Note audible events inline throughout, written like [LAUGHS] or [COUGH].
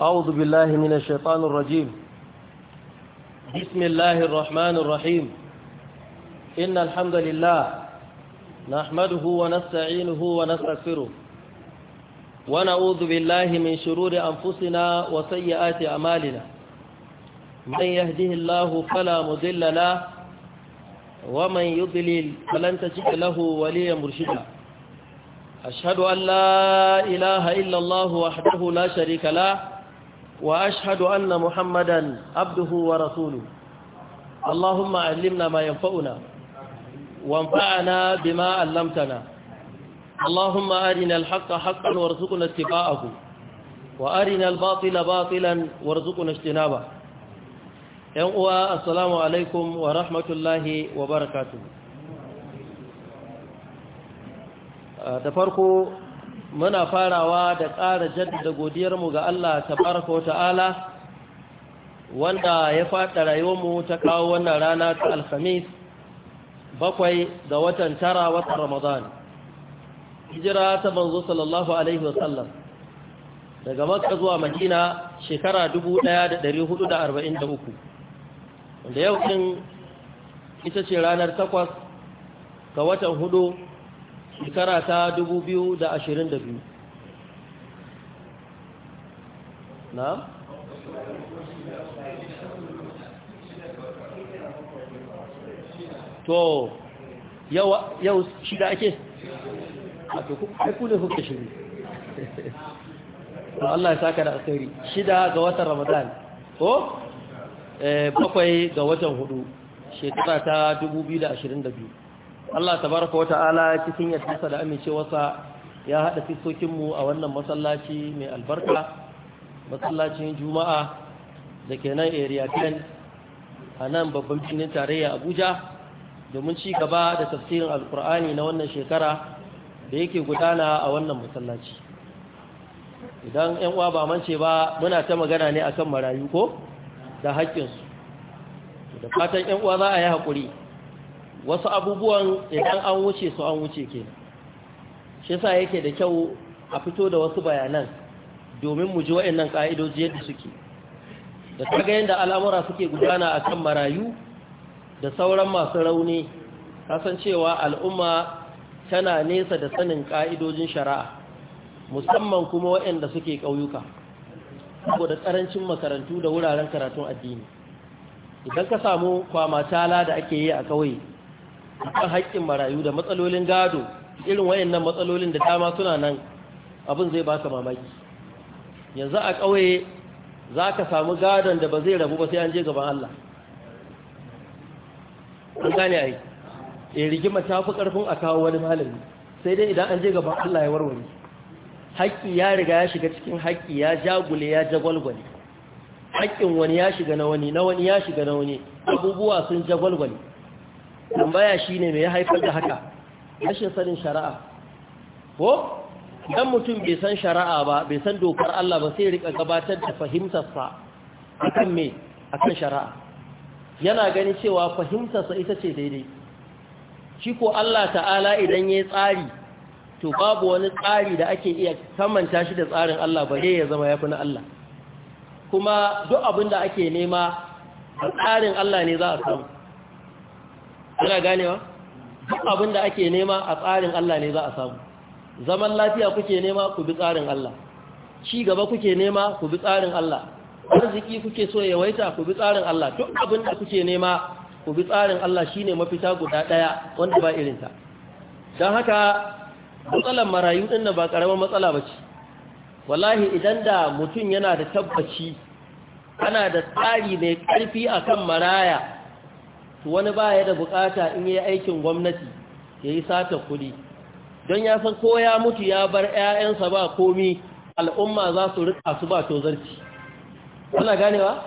أعوذ بالله من الشيطان الرجيم بسم الله الرحمن الرحيم إن الحمد لله نحمده ونستعينه ونستغفره ونعوذ بالله من شرور أنفسنا وسيئات أمالنا من يهده الله فلا مضل له ومن يضلل فلن تجد له وليا مرشدا أشهد أن لا إله إلا الله وحده لا شريك له وأشهد أن محمدا عبده ورسوله اللهم علمنا ما ينفعنا وانفعنا بما علمتنا اللهم أرنا الحق حقا وارزقنا اتباعه وأرنا الباطل باطلا وارزقنا اجتنابه ينقوى السلام عليكم ورحمة الله وبركاته تفرقوا muna farawa da ƙara jaddada godiyarmu ga Allah tabaraka wa ta'ala wanda ya faɗa rayuwarmu ta kawo wannan rana ta alhamis bakwai ga watan tara watan ramadan hijira ta manzo sallallahu alaihi wasallam daga makka zuwa madina shekara 1443 wanda yau ɗin ita ce ranar takwas ga watan hudu shekara ta 2022 na? to yau shida ake? a to ku ne kuka shiri [LAUGHS] to Allah ya saka da asiri shida ga watan ramadan ko? Eh, bakwai ga watan hudu shekara ta 2022 Allah Ta tabaraka wata'ala cikin yardarsa da amincewarsa ya haɗa fiskokin mu a wannan masallaci mai albarka masallacin Juma'a da ke nan area 10 a nan babban birnin tarayya Abuja domin ci gaba da tafsirin Alkur'ani na wannan shekara da yake gudana a wannan masallaci idan ƴan uwa ba mance ba muna ta magana ne a kan marayu ko da haƙƙinsu da fatan ƴan uwa za a yi haƙuri wasu abubuwan idan an wuce su an wuce ke shi yasa yake da kyau a fito da wasu bayanan domin mu ji waɗannan ƙa'idoji yadda suke da kaga yadda al'amura suke gudana a kan marayu da sauran masu rauni kasancewa al'umma tana nesa da sanin ƙa'idojin shari'a musamman kuma waɗanda suke ƙauyuka saboda ƙarancin makarantu da wuraren karatun addini idan ka samu kwamata da ake yi a ƙauye kan haƙƙin marayu da matsalolin gado irin wayannan matsalolin da dama suna nan abin zai baka mamaki yanzu a ƙauye za ka samu gadon da ba zai rabu ba sai an je gaban Allah an gane ai e rigima ta fi ƙarfin a kawo wani malami sai dai idan an je gaban Allah ya warware haƙƙi ya riga ya shiga cikin haƙƙi ya jagule ya jagwalgwale haƙƙin wani ya shiga na wani na wani ya shiga na wani abubuwa sun jagwalgwale tambaya shine me ya haifar da haka rashin sanin shari'a ko dan mutum bai san shari'a ba bai san dokar Allah ba sai rika gabatar da fahimtarsa akan me akan shari'a yana gani cewa fahimtarsa ita ce daidai shi ko Allah ta'ala idan yayi tsari to babu wani tsari da ake iya kamanta shi da tsarin Allah bare ya zama yafi na Allah kuma duk abinda ake nema a tsarin Allah ne za a samu ana ganewa duk abin da ake nema a tsarin Allah ne za a samu zaman lafiya kuke nema ku bi tsarin Allah ci gaba kuke nema ku bi tsarin Allah arziki kuke so ya waita ku bi tsarin Allah duk abin da kuke nema ku bi tsarin Allah shine mafita guda ɗaya wanda ba irinta don haka matsalar marayu ɗin din ba ƙaramin matsala bace wallahi idan da mutum yana da tabbaci ana da tsari mai karfi akan maraya to wani baya da bukata in yi aikin gwamnati ya yi sata kuɗi don ya san ko ya mutu ya bar 'ya'yansa ba komi al'umma za su rika su ba tozarci kuna ganewa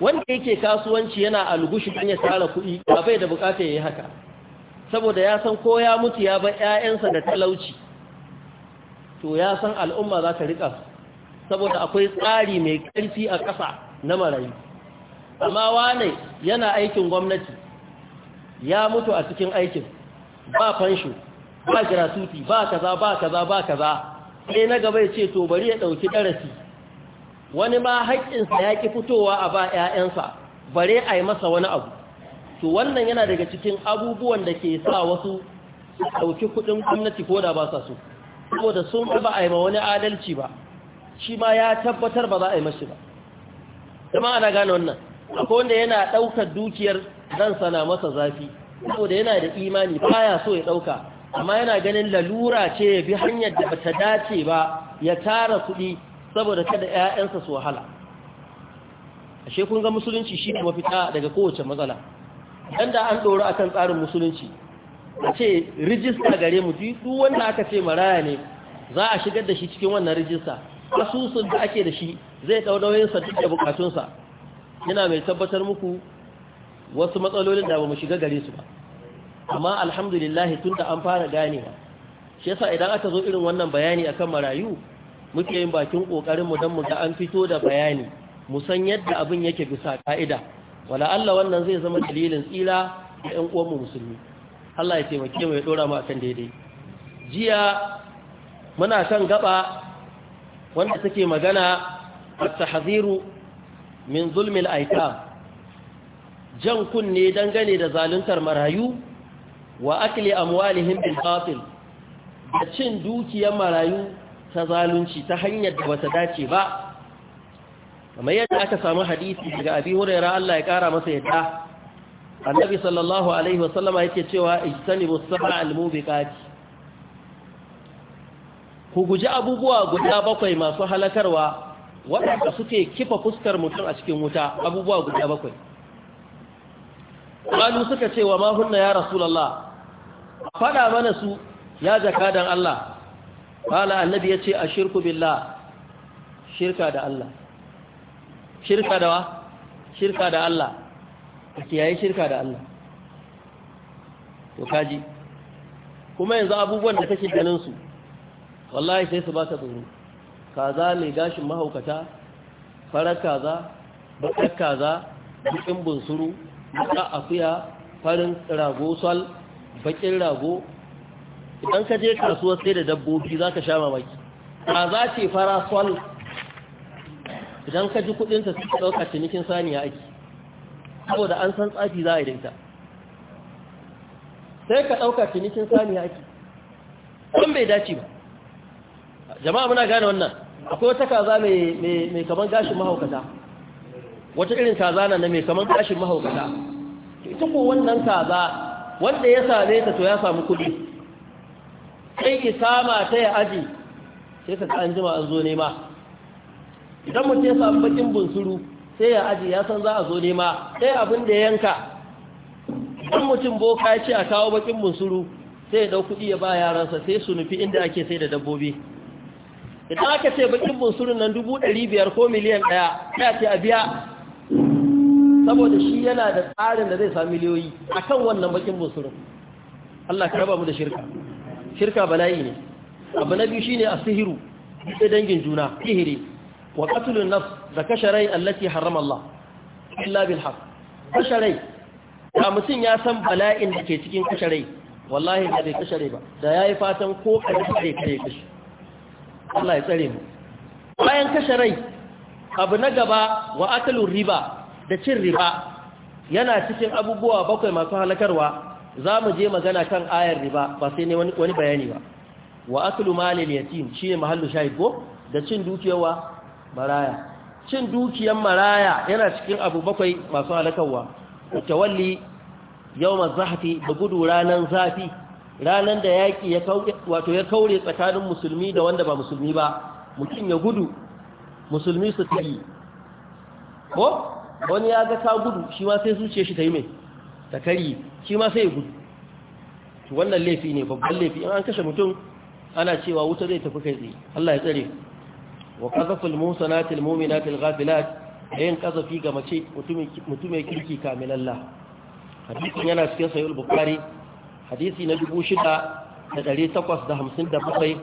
wanda yake kasuwanci yana algushi don ya tara kuɗi ba bai da bukata ya yi haka saboda ya san ko ya mutu ya bar 'ya'yansa da talauci to ya san al'umma za ta rika saboda akwai tsari mai ƙarfi a ƙasa na marayu amma wane yana aikin gwamnati ya mutu a cikin aikin ba fansho ba giratuti ba kaza ba kaza ba kaza sai na gaba ya ce to bari ya ɗauki darasi wani ma haƙƙinsa ya ki fitowa a ba 'ya'yansa bare a yi masa wani abu to wannan yana daga cikin abubuwan da ke sa wasu ɗauki kuɗin gwamnati ko da ba sa so saboda sun ba a yi ma wani adalci ba shi ma ya tabbatar ba za a yi mashi ba jama'a na gane wannan akwai wanda yana ɗaukar dukiyar ransa sana masa zafi saboda yana da imani baya so ya ɗauka amma yana ganin lalura ce ya bi hanyar da bata dace ba ya tara kuɗi saboda kada ƴaƴansa su wahala ashe kun ga musulunci shi ne mafita daga kowace matsala dan da an dora akan tsarin musulunci a ce rijista gare mu duk wanda aka ce maraya ne za a shigar da shi cikin wannan rijista asusun da ake da shi zai ɗau nauyinsa duk da bukatunsa yana mai tabbatar muku wasu matsalolin da ba mu shiga gare su ba amma alhamdulillah tun da an fara ganewa shi yasa idan aka zo irin wannan bayani akan marayu muke yin bakin kokarin mu dan mu ga an fito da bayani mu san yadda abin yake bisa ka'ida wala Allah wannan zai zama dalilin tsira da ƴan uwan mu musulmi Allah ya taimake mu ya dora mu akan daidai jiya muna kan gaba wanda take magana at-tahziru min zulmil aitam jan kunne dangane da zaluntar marayu wa akli amwalihim bil batil da cin dukiyar marayu ta zalunci ta hanyar da bata dace ba kamar yadda aka samu hadisi daga abi hurairah Allah ya kara masa yadda annabi sallallahu alaihi wasallama yake cewa ijtanibu sab'a al-mubiqati ku guji abubuwa guda bakwai masu halakarwa waɗanda suke kifa fuskar mutum a cikin wuta abubuwa guda bakwai ƙwalu suka ce wa mahunna ya rasulallah faɗa mana su ya don Allah ƙwala annabi ya ce a shirku billah shirka da Allah shirka da wa shirka da Allah a kiyaye shirka da Allah to kaji kuma yanzu abubuwan da kake ganin su wallahi sai su ba ta tsoro kaza mai gashin mahaukata farar kaza bakar kaza bukin bunsuru baka akuya farin rago sal bakin rago idan ka je kasuwar sai da dabbobi za ka sha mamaki kaza ce fara sal idan ka ji kudinta su ka ɗauka cinikin saniya ake saboda an san tsafi za a yi dinta sai ka ɗauka cinikin saniya ake ɗan bai dace ba jama'a muna gane wannan akwai wata kaza mai kaman gashin mahaukata wata irin kaza na mai kaman gashin mahaukata ita ko wannan kaza wanda ya same ta to ya samu kuɗi sai ki sama ta ya aji sai ka an jima an zo nema idan mutum ya samu bakin bunsuru sai ya aji ya san za a zo nema sai abin da yanka idan mutum boka ya ce a kawo bakin bunsuru sai ya dau kuɗi ya ba yaransa sai su nufi inda ake sai da dabbobi idan aka ce bakin bunsurin nan dubu ɗari biyar ko miliyan ɗaya ya ce a biya saboda shi yana da tsarin da zai sami miliyoyi a kan wannan bakin bunsurin Allah ka raba mu da shirka shirka bala'i ne abu na biyu shi ne a sihiru da dangin juna sihiri wa katulun nafs da kashe rai haram Allah illa bil haq kashe rai da mutum ya san bala'in da ke cikin kashe rai wallahi da bai kashe rai ba da yayi fatan ko da zai kare kashe Allah ya tsare mu bayan kashe rai abu na gaba wa akalun riba da cin riba yana cikin abubuwa bakwai masu halakarwa za mu je magana kan ayar riba ba sai ne wani bayani ba wa akalu malin yatim shi ne mahallu shahid ko da cin dukiyarwa maraya cin dukiyar maraya yana cikin abu bakwai masu halakarwa tawalli yau zahfi da gudu ranar zafi ranar da yaƙi ya wato ya kaure tsakanin musulmi da wanda ba musulmi ba mutum ya gudu musulmi su tafi ko wani ya ga ka gudu shi ma sai zuciya shi ta yi mai ta kari shi ma sai ya gudu wannan laifi ne babban laifi in an kashe mutum ana cewa wuta zai tafi kai tsaye Allah ya tsare wa qazaful musanatil mu'minatil ghafilat ayin qazafi ga mace mutum ya kirki kamilalla hadisin yana cikin sahih al-bukhari hadisi na 6857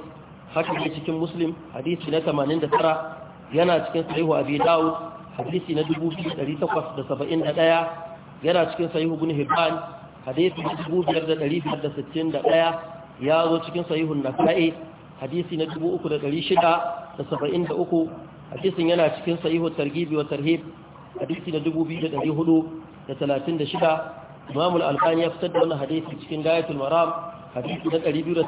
haka ne cikin muslim hadisi na 89 yana cikin sahihu abi dawud hadisi na 2871 yana cikin sahihu ibn hibban hadisi na 5561 ya zo cikin sahihun nasa'i hadisi na 3673 hadisin yana cikin sahihu targhib wa tarhib hadisi na 2436 imam al-alqani ya fitar da wannan hadisi cikin Dayatul maram hadisi na 287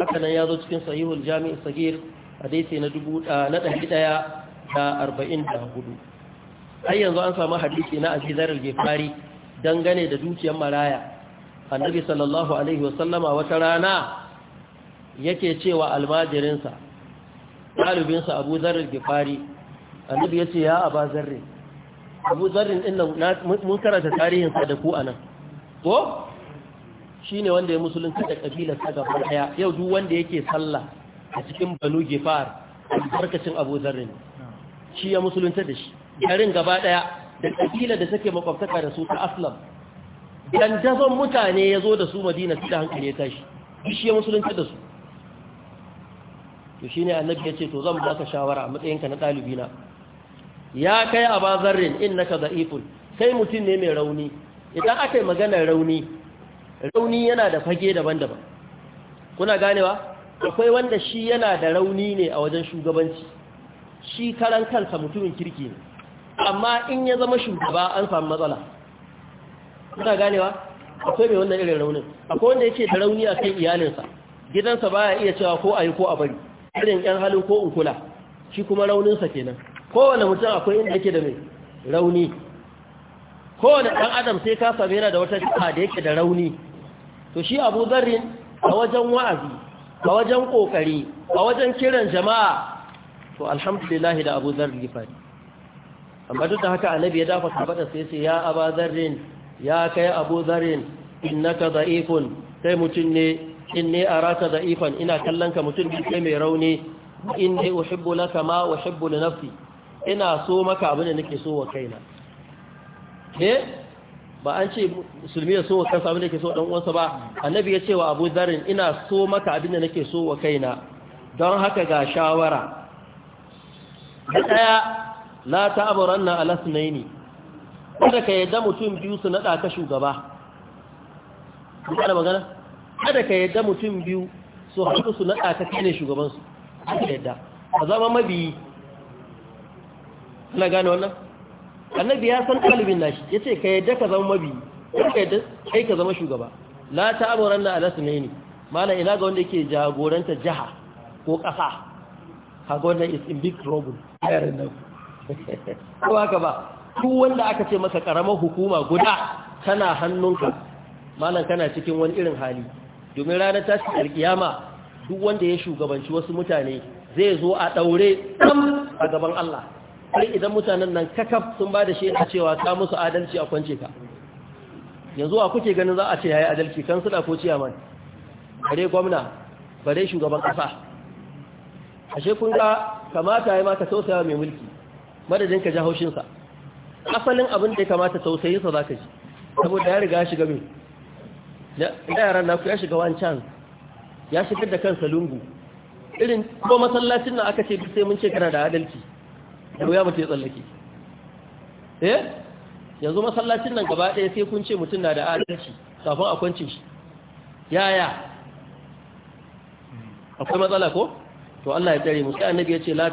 haka nan ya zo cikin sahihul jami' as-sagir hadisi na 1144 ai ah, yanzu an samu hadisi na azizar al-gifari dangane da dukiyar maraya annabi sallallahu alaihi wa sallama wata rana yake cewa almajirinsa ɗalibinsa abu zarar gifari annabi ya ce ya aba zarrin abu zarrin ɗin nan mun karanta tarihinsa da ku a nan ko shi ne wanda ya musulunta da sa gaba ɗaya yau duk wanda yake sallah a cikin banu gefar farkacin abu zarrin shi ya musulunta da shi garin gaba ɗaya da ƙabilar da take makwabtaka da su ta aslam dandazon mutane ya zo da su madina su da hankali ya tashi shi ya musulunta da su to shi ne annabi ya ce to zan baka shawara a matsayinka na ɗalibina ya kai a in na ka za'ifun kai mutum ne mai rauni idan aka yi maganar rauni rauni yana da fage daban-daban kuna ganewa akwai wanda shi yana da rauni ne a wajen shugabanci shi karan kansa mutumin kirki ne amma in ya zama shugaba an samu matsala kuna ganewa akwai mai wannan irin raunin akwai wanda yake da rauni a kan iyalinsa gidansa baya iya cewa ko a yi ko a bari irin yan halin ko in kula shi kuma rauninsa kenan kowane mutum akwai inda yake da mai rauni kowane ɗan adam sai ka same yana da wata jiha da yake da rauni to shi abu zarrin a wajen wa'azi a wajen ƙoƙari a wajen kiran jama'a to alhamdulillahi da abu zarrin fari. amma duk da haka annabi ya dafa tabbata sai sai ya aba zarrin ya kai abu zarrin ka za'ifun sai mutum ne in ne a rata za'ifan ina kallon ka mutum ne mai rauni in ne uhibbu laka ma uhibbu li nafsi ina so maka abin da nake so wa kaina eh ba an ce musulmi ya so wa kansa abin da yake so dan uwansa ba annabi ya ce wa Abu Dharrin ina so maka abin da nake so wa kaina don haka ga shawara da daya la ta'buranna ala sunaini kada ka yadda mutum biyu su nada ka shugaba kana magana kada ka yadda mutum biyu su haɗu su nada ka kine shugaban su kada yadda a zama mabiyi ana gane wannan annabi ya san ɗalibin nashi ya ce ka yadda ka zama mabi kai ka zama shugaba la ta amuran na alasu ne ne mana ina ga wanda yake jagoranta jiha ko ƙasa kaga wannan is in big trouble ayarin nan [LAUGHS] ko haka ba duk wanda aka ce masa karamar hukuma guda tana hannunka malam kana cikin wani irin hali domin ranar tashi alkiyama duk wanda ya shugabanci wasu mutane zai zo a ɗaure daure a gaban Allah sai idan mutanen nan kakaf sun ba da a cewa ka musu adalci a kwance ka yanzu a kuke ganin za a ce ya yi adalci kan suna ko ciyaman bare gwamna bare shugaban kasa ashe kun ga kamata ya mata tausaya mai mulki madadin ka ji haushinsa. asalin abin da ya kamata tausayin sa ka ji saboda ya riga shiga mai da yaran ku ya shiga wancan ya shigar da kansa lungu irin ko masallacin nan aka ce duk sai mun ce kana da adalci da wuya mutum ya tsallake eh yanzu masallacin nan gaba ɗaya sai kun ce mutum na da adalci kafin a kwance shi yaya akwai matsala ko to Allah ya tare mu sai annabi ya ce la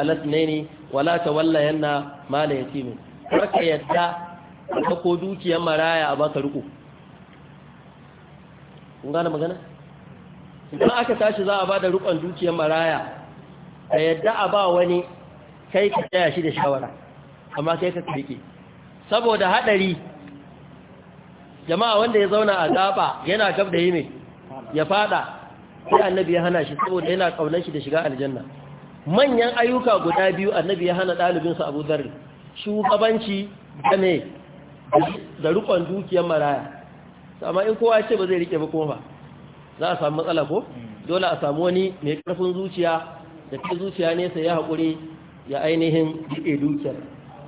alas ne ne wa la tawallayanna ma la yatimin ka yadda ka ko dukiyar maraya a baka riko kun gane magana idan aka tashi za a bada rukon dukiyar maraya ka yadda a ba wani kai ka tsaya shi da shawara amma kai ka tsike saboda hadari jama'a wanda ya zauna a gaba yana gab da yime ya fada sai annabi ya hana shi saboda yana kaunar shi da shiga aljanna manyan ayyuka guda biyu annabi ya hana sa Abu Dharr shugabanci da me da rukon dukiyar maraya amma in kowa ce ba zai rike ba kuma za a samu matsala ko dole a samu wani mai karfin zuciya da ke zuciya ne sai ya haƙuri ya ainihin riƙe dukiyar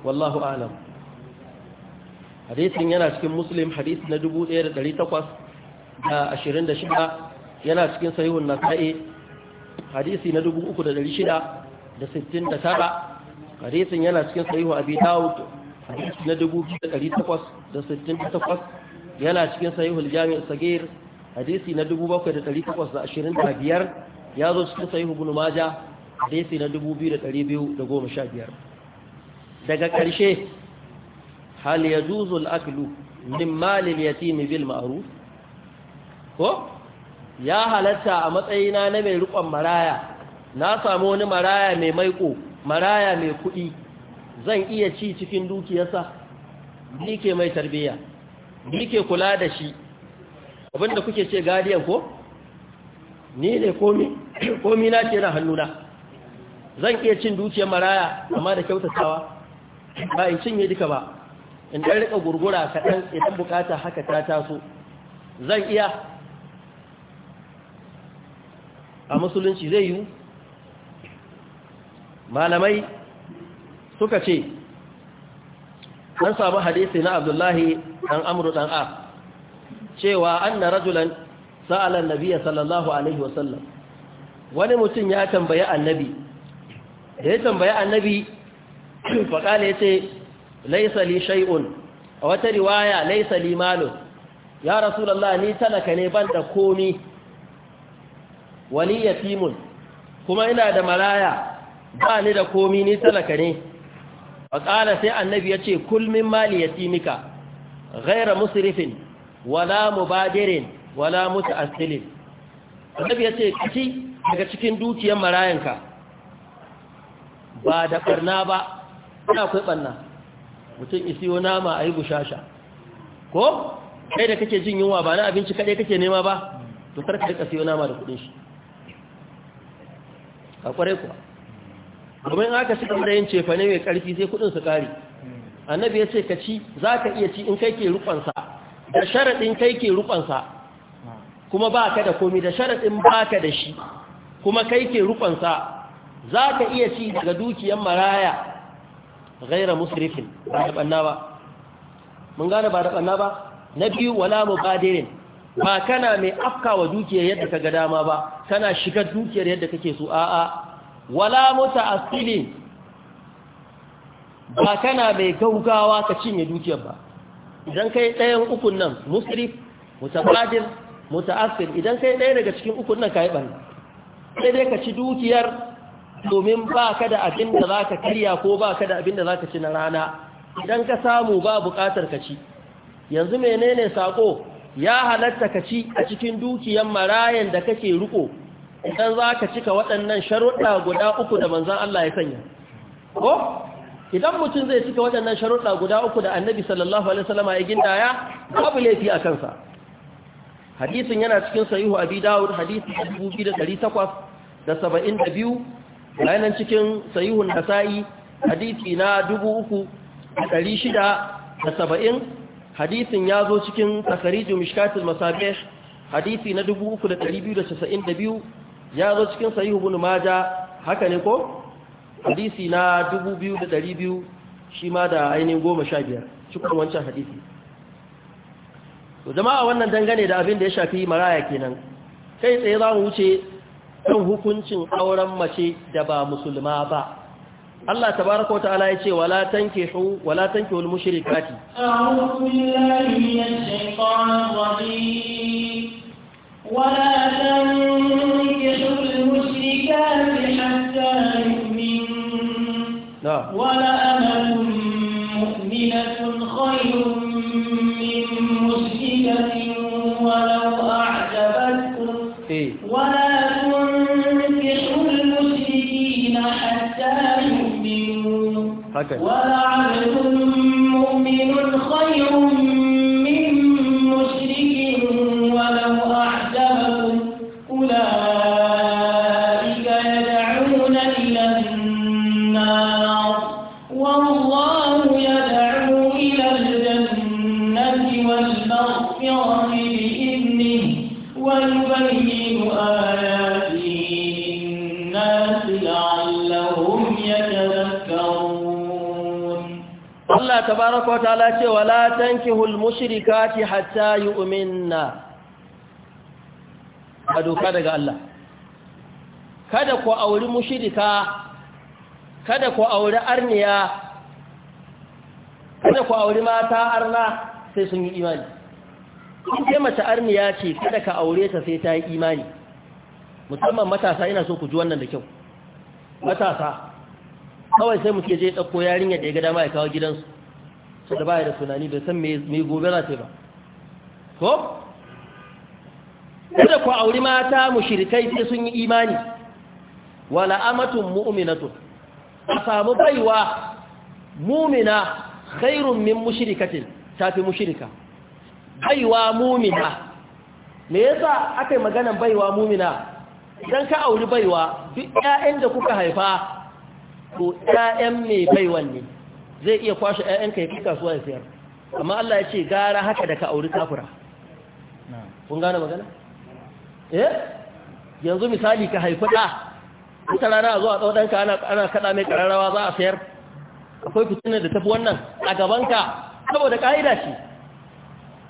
wallahu alam hadisin yana cikin muslim hadis na 1826 yana cikin sahihun nasa'i hadisi na 3669 hadisin yana cikin sahihu abi dawud hadisi na 2868 yana cikin sahihul jami'u sagir hadisi na 7825 ya zo cikin sahihu ibn majah hadisi na 2215 daga ƙarshe hal ya zuzul aklu min mali al bil ma'ruf ko ya halatta a matsayina na mai rikon maraya na samu wani maraya mai maiko maraya mai kuɗi zan iya ci cikin dukiyarsa ni ke mai tarbiyya ni ke kula da shi abinda kuke ce gadiyan ko ni ne komi na ce na hannuna zan iya cin dukiyar maraya amma da kyautatawa ba in cinye duka ba in ɗan riƙa gurgura kaɗan idan bukata haka ta taso zan iya a musulunci zai yi malamai suka ce an samu hadisi na abdullahi ɗan amuru ɗan a cewa an na rajulan sa'alan nabiya sallallahu alaihi wasallam wani mutum ya tambayi annabi da ya tambaya annabi faƙala ya ce laisa li shay'un a wata riwaya laisa li malun ya rasulallah ni talaka ne ban da komi wali yatimun kuma ina da maraya ba ni da komi ni talaka ne faƙala sai annabi ya ce kulmin mali yatimika ghaira musrifin wala mubadirin wala muta'assilin annabi ya ce kaci daga cikin dukiyar marayanka ba da ɓarna ba ina akwai ɓarna mutum yi nama a yi bushasha ko kai da kake jin yunwa ba na abinci kaɗai kake nema ba to kar ka siyo nama da kuɗin shi a ƙwarai kuwa domin aka shi da yin cefa ne mai ƙarfi sai kuɗin su ƙari annabi ya ce ka ci za ka iya ci in kai ke rufansa da sharaɗin kai ke rufansa kuma ba ka da komi da sharaɗin ba ka da shi kuma kai ke rufansa za ka iya ci daga dukiyar maraya gaira musrifin ba da ɓanna ba mun gane ba da ɓanna ba na biyu wala mubadirin ba kana mai afkawa dukiyar yadda ka ga dama ba kana shigar dukiyar yadda kake so a'a wala muta'assilin ba kana mai gaugawa ka cinye dukiyar ba idan kai ɗayan ukun nan musrif mutabadir muta'assil idan kai ɗaya daga cikin ukun nan yi ɓanna sai dai ka ci dukiyar domin ba ka da abin da za ka karya ko ba ka da abin da za ka ci na rana idan ka samu ba buƙatar ka ci yanzu menene sako ya halatta ka ci a cikin dukiyar marayan da kake riko idan za ka cika waɗannan sharuɗa guda uku da manzan Allah ya sanya ko idan mutum zai cika waɗannan sharuɗa guda uku da annabi sallallahu alaihi wasallam ya gindaya babu laifi a kansa hadisin yana cikin sahihu abi dawud hadisi 2872 bayanan cikin sayihun nasa'i hadisi na saba'in, hadisin ya zo cikin takariju mishkatul masabih hadisi na biyu, ya zo cikin sahihu ibn maja haka ne ko hadisi na biyu shi ma da ainihin goma sha biyar, cikin wancan hadisi jama'a wannan dangane da abin da ya shafi maraya kenan kai tsaye za mu wuce kan hukuncin auren mace da ba musulma ba Allah tabaraka wa ta'ala yace wala tankihu wala tankihul mushrikati a'udhu billahi minash shaitanir rajim wala tankihul mushrikati hatta yu'min wala amanun mu'minatun khayrun min muslimatin walau a'jabatkum eh. wala ولعبد مؤمن خير tabaraka wa ta'ala ce wala tankihul mushrikati hatta yu'minna a doka daga Allah kada ku auri mushrika kada ku auri arniya kada ku auri mata arna sai sun yi imani in ce mace arniya ce kada ka aure ta sai ta yi imani musamman matasa ina so ku ji wannan da kyau matasa kawai sai muke je ɗauko yarinya da ya ga dama ya kawo gidansu da baya da tunani bai san me gobe za ta ba ko da ku auri mata mushrikai sai sun yi imani wala amatun mu'minatu a samu baiwa mumina khairun min mushrikatin tafi mushrika baiwa mumina me yasa aka yi maganan baiwa mumina idan ka auri baiwa duk ƴaƴan da kuka haifa Ko ƴaƴan mai baiwan ne zai iya kwashe 'ya'yanka ya kasuwa ya sayar amma Allah ya ce gara haka da ka auri takura. kun gane magana eh yanzu misali ka haifi ɗa ita rana a zuwa ɗauɗanka ana kaɗa mai ƙararrawa za a sayar akwai fitinar da tafi wannan a gabanka saboda ƙa'ida ce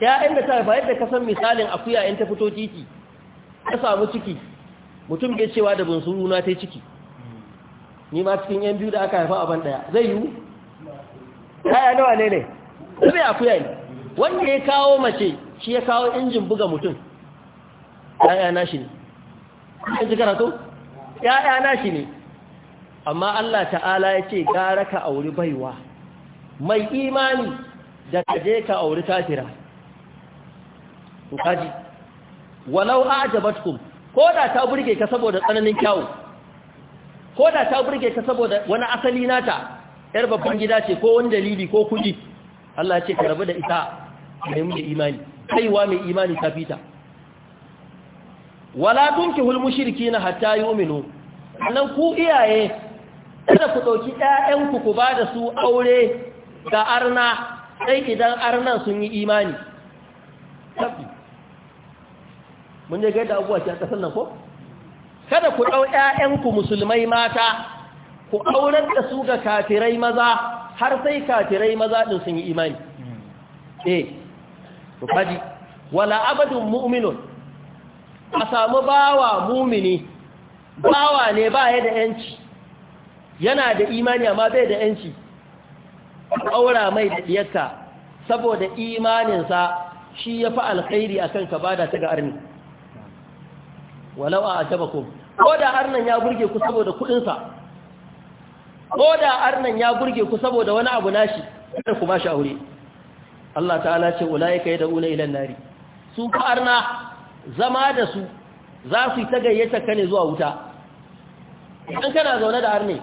‘ya'yan da ta haifa yadda ka san misalin akuya ‘yan ta fito titi ta samu ciki mutum bai cewa da bunsuru na ta ciki hmm. ni ma cikin ‘yan biyu da aka haifa a ban ɗaya zai yiwu yaya nawa ne ne zai akuya ne wanda ya kawo mace shi ya kawo injin buga mutum yaya na shi ne in ji karatu yaya na shi ne amma Allah ta'ala ya ce gara ka auri baiwa mai imani da ka je ka auri kafira kaji walau ajabatkum ko da ta burge ka saboda tsananin kyawu ko da ta burge ka saboda wani asali nata yar babban gida ce ko wani dalili ko kudi Allah ce ka rabu da ita mai mu da imani kaiwa mai imani ta fita wala tunkihul mushrikina hatta yu'minu nan ku iyaye kada ku ɗauki ‘ya’yanku ku ba da su aure ga arna sai idan arnan sun yi imani mun ne ga yadda abuwa ke a ƙasar nan ko kada ku ɗau ’ya’yanku musulmai mata ku aurar da su ga kafirai maza har sai kafirai maza din sun yi imani hmm. eh to kaji wala abadun mu'minun a samu bawa mumini bawa ne ba ya da yanci yana da imani amma bai da yanci aura mai da diyarka saboda imaninsa shi ya fi alkhairi a kan ka bada ta ga arni walau a ajabakum ko da arnan ya burge ku saboda kudinsa Koda da arnan ya burge ku saboda wani abu nashi kada ku shi aure Allah ta'ala ce da yad'una ilan nari su ka zama da su za su ta gayyata ne zuwa wuta idan kana zaune da arne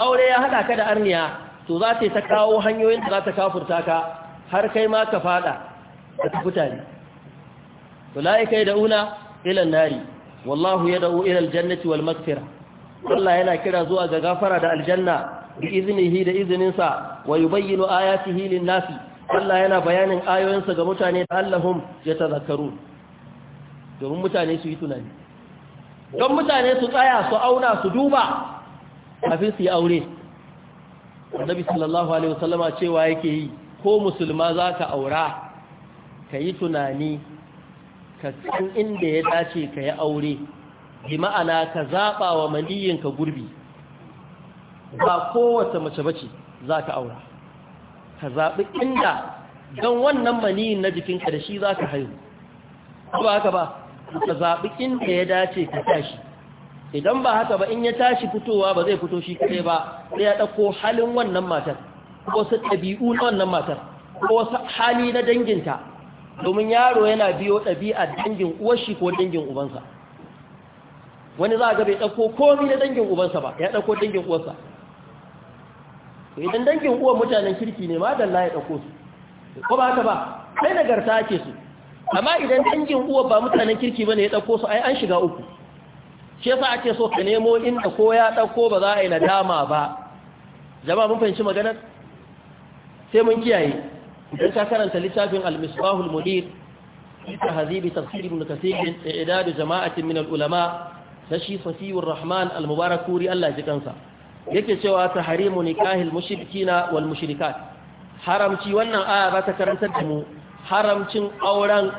aure ya haɗa ka da arniya to za ta ta kawo hanyoyin da za ta kafurta ka har kai ma ka fada ka tafi kai da yad'una nari wallahu ya yad'u ilal jannati wal maghfirah Allah yana kira zuwa ga gafara da aljanna bi iznihi da izininsa wa yubayyinu ayatihi lin-nasi Allah yana bayanin ayoyinsa ga mutane da Allahum tazakkaru domin mutane su yi tunani don mutane su tsaya su auna su duba kafin su yi aure annabi sallallahu alaihi wasallama cewa yake yi ko musulma zaka aura ka yi tunani ka san inda ya dace ka yi aure bi ma'ana ka zaɓa wa maniyinka gurbi ba kowace mace bace za ka aura ka zaɓi inda don wannan maliyin na jikinka da shi za ka haihu ba haka ba ka zaɓi inda ya dace ka tashi idan ba haka ba in ya tashi fitowa ba zai fito shi kai ba sai ya ɗauko halin wannan matar ko wasu ɗabi'u na wannan matar ko wasu hali na danginta domin yaro yana biyo ɗabi'ar dangin uwar shi ko dangin ubansa wani za a ga bai ɗauko komi na dangin ubansa ba ya ɗauko dangin uwarsa idan dangin uwan mutanen kirki ne ma madalla ya ɗauko su ko ba haka ba sai nagarta ake su amma idan dangin uwan ba mutanen kirki ba ne ya ɗauko su ai an shiga uku shi yasa ake so ka nemo inda ko ya ɗauko ba za a yi nadama ba jama'a mun fahimci maganar sai mun kiyaye idan ka karanta littafin al-misbahul munir ta hazibi tafsir ibn kathir i'dad jama'atin min al-ulama sashi fasihun rahman al-mubarakuri Allah ji kansa yake cewa harimu nikahil mushrikina wal mushrikat haramci wannan aya za ta karantar da mu haramcin auren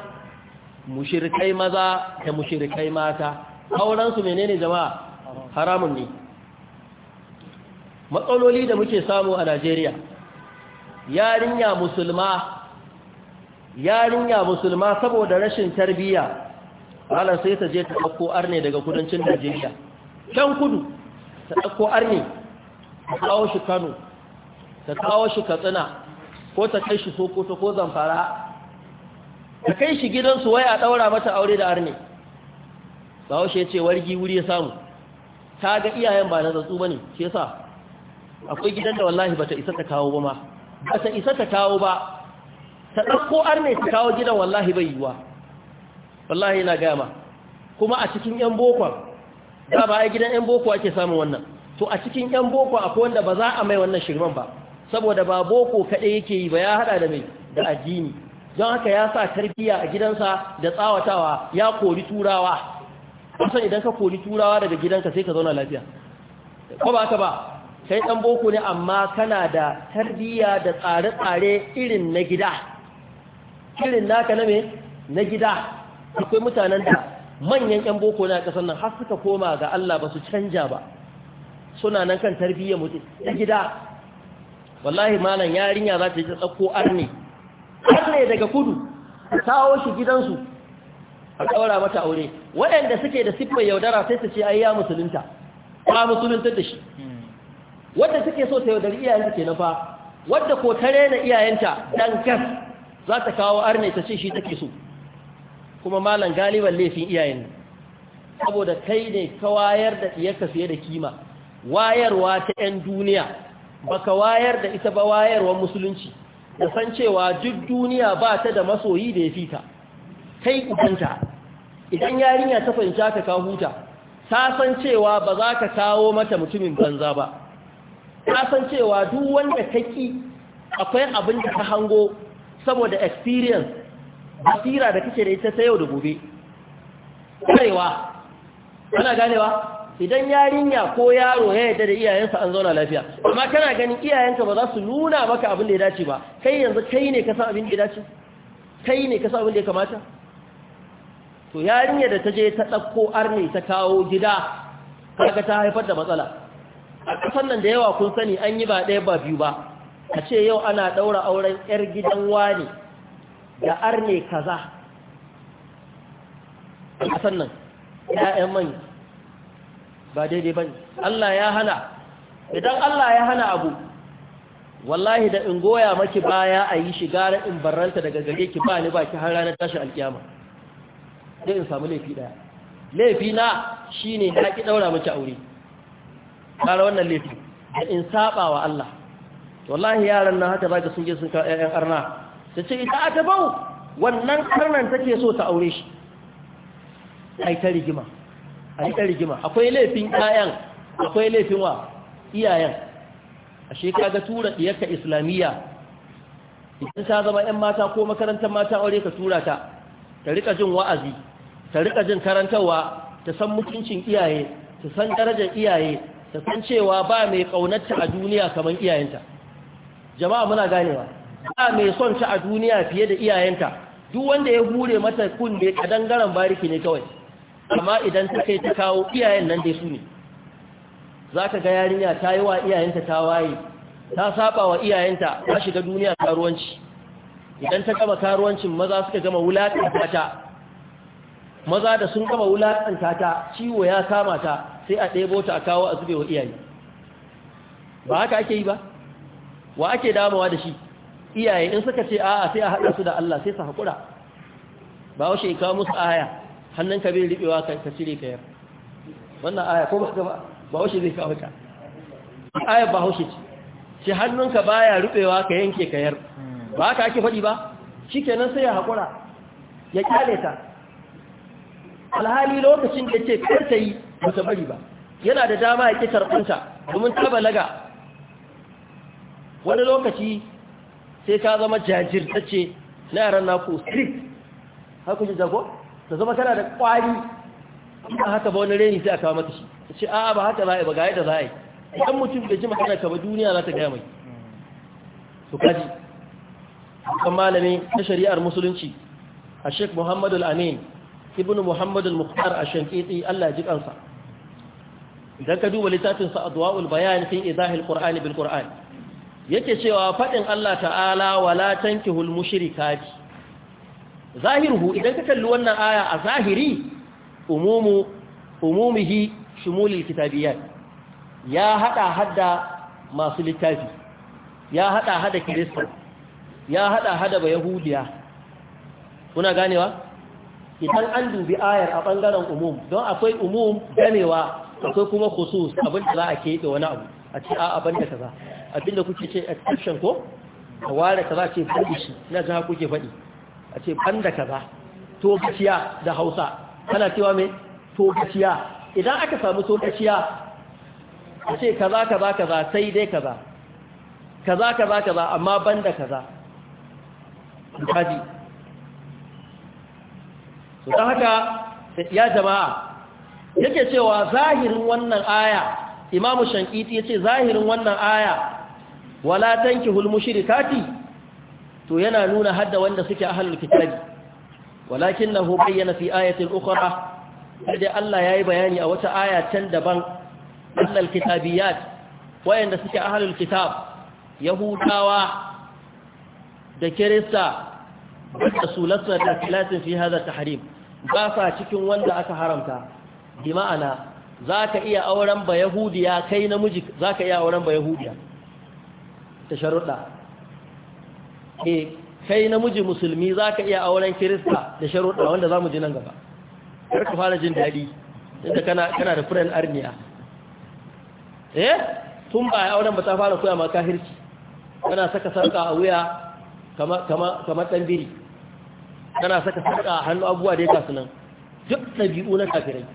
mushrikai maza da mushrikai mata auren su menene jama'a haramun ne matsaloli da muke samu a Najeriya yarinya musulma yarinya musulma saboda rashin tarbiyya malam sai ta je ta ɗauko arne daga kudancin najeriya can kudu ta ɗauko arne ta kawo shi kano ta kawo shi katsina ko ta kai shi sokoto ko zamfara ta kai shi gidansu wai a ɗaura mata aure da arne bahaushe ce wargi wuri ya samu ta ga iyayen ba na zatsu ba ne ke sa akwai gidan da wallahi ba ta isa ta kawo ba ma ta isa ta kawo ba ta ɗauko arne ta kawo gidan wallahi bai yiwuwa wallahi ina gama kuma a cikin yan bokon da ba a gidan yan boko ake samun wannan to a cikin yan boko akwai wanda ba za a mai wannan shirman ba saboda ba boko kaɗai yake yi ba ya haɗa da mai da addini don haka ya sa tarbiyya a gidansa da tsawatawa ya kori turawa kusan idan ka kori turawa daga gidanka sai ka zauna lafiya ko ba ka ba kai ɗan boko ne amma kana da tarbiyya da tsare-tsare irin na gida irin naka na me na gida akwai mutanen da manyan yan boko na kasan nan har suka koma ga Allah ba su canja ba suna nan kan tarbiyyar mutu ta gida wallahi malam yarinya za ta yi ta tsakko arne arne daga kudu ta kawo shi gidansu a ɗaura mata aure waɗanda suke da siffar yaudara sai su ce ai ya musulunta ba musulunta da shi wadda suke so ta yaudari iyayenta kenan fa wadda ko ta rena iyayenta dan gas za ta kawo arne ta ce shi take so kuma malam galiban laifin iyayen saboda kai ne ka wayar da ɗiyarka fiye da kima wayarwa ta 'yan duniya baka wayar da ita ba wayarwar musulunci da san cewa duk duniya ba ta da masoyi da ya fita kai ubanta idan yarinya ta fahimta ka ka huta ta san cewa ba za ka kawo mata mutumin banza ba ta san cewa duk wanda ka ki akwai abin da ka hango saboda experience basira da kake da ita ta yau da gobe kwarewa ana ganewa idan yarinya ko yaro ya yarda da iyayensa an zauna lafiya amma kana ganin iyayenka ba za su nuna maka abin da ya dace ba kai yanzu kai ne ka abin da ya dace kai ne ka abin da ya kamata to yarinya da ta je ta ɗauko arne ta kawo gida kaga ta haifar da matsala a kasan nan da yawa kun sani an yi ba ɗaya ba biyu ba a ce yau ana ɗaura auren 'yar gidan wani da arne kaza a sannan ya'yan mai ba daidai ba Allah ya hana idan Allah ya hana abu wallahi da in goya maki baya a yi shiga in barranta daga gare ki ba ni ba ki har ranar tashin alkiyama zai in samu laifi daya laifi na ne na ki daura miki aure ƙara wannan laifi da in saba wa Allah wallahi yaran nan haka zaka sun je sun ka ƴaƴan arna ta ce ita a tabau wannan karnan take so ta aure shi a yi ta rigima a yi ta rigima akwai laifin kayan akwai laifin wa iyayen a shekaga tura ɗiyarka islamiyya idan ta zama 'yan mata ko makarantar mata aure ka tura ta ta rika jin wa'azi ta rika jin karantarwa ta san mutuncin iyaye ta san darajar iyaye ta san cewa ba mai ƙaunarta a duniya kamar iyayenta jama'a muna ganewa ba mai son ta a duniya fiye da iyayenta duk wanda ya hure mata kunne dangaren bariki ne kawai amma idan ta kai ta kawo iyayen nan dai su ne za ka ga yarinya ta yi wa iyayenta ta waye ta saba wa iyayenta ta shiga duniya karuwanci idan ta gama karuwancin maza suka gama wulaƙanta ta maza da sun gama wulaƙanta ta ciwo ya kama ta sai a ɗebo ta a kawo a zube wa iyaye ba haka ake yi ba wa ake damawa da shi iyaye in suka ce a'a sai a haɗa su da Allah sai su haƙura ba wa ka musu aya hannun ka bai riɓewa ka cire ka yar wannan aya ko ba ba wuce zai kawo ta aya ba haushe ce shi hannunka baya ruɓewa ka yanke ka yar ba ka ake faɗi ba shi kenan sai ya haƙura ya ƙyale ta alhali lokacin da ce kar ta yi ba ta bari ba yana da dama ya ƙi karɓunta domin ta balaga wani lokaci sai ka zama jajir ta ce na yaran naku strict haka ji zago ta zama tana da kwari a haka ba wani reni sai a kawo mata shi ta ce a'a ba haka za a yi ba ga yadda za yi idan mutum da ji magana kama ba duniya za ta gaya mai su kaji kan malami na shari'ar musulunci a shek muhammadu al'amin ibn muhammadu al-mukhtar a shankiti allah ji kansa idan ka duba littafinsa a duwa'ul bayani fi izahil qur'ani bil qur'ani yake cewa faɗin Allah ta'ala wala tankihul mushrikati zahiruhu idan ka kalli wannan aya a zahiri umumu umumihi shumulil kitabiyat ya hada hada masu littafi ya hada hada kirista ya hada hada ba yahudiya kuna ganewa idan an dubi ayar a bangaren umum don akwai umum ganewa akwai kuma khusus abin da za a keɓe wani abu a ce a abin da za abinda kuke ce exception ko a ware kaza ce banda shi na jin kuke faɗi a ce banda kaza to gaciya da hausa kana cewa mai to gaciya idan aka samu to gaciya a ce kaza kaza kaza sai dai kaza kaza kaza kaza amma banda kaza kaji so ta haka ya jama'a yake cewa zahirin wannan aya imamu shankiti ya ce zahirin wannan aya wala tankihul mushrikati to yana nuna hadda wanda suke ahlul kitabi walakinahu bayyana fi ayatin ukhra sai Allah yayi bayani a wata aya tan daban annal kitabiyat wayanda suke ahlul kitab yahudawa da kirista da sulatsa da kilatin fi hada tahrim ba sa cikin wanda aka haramta bi ma'ana zaka iya auren ba yahudiya kai namiji zaka iya auren ba yahudiya da sharuɗa e kai namiji musulmi za ka iya auren kirista da sharuɗa wanda za mu ji nan gaba kar ka fara jin daɗi inda kana da furen arniya eh tun ba a auren ba ta fara koya ma kahirci kana saka sarka a wuya kamar ɗan biri kana saka sarka a hannu abubuwa da ya kasu nan duk ɗabi'u na kafirai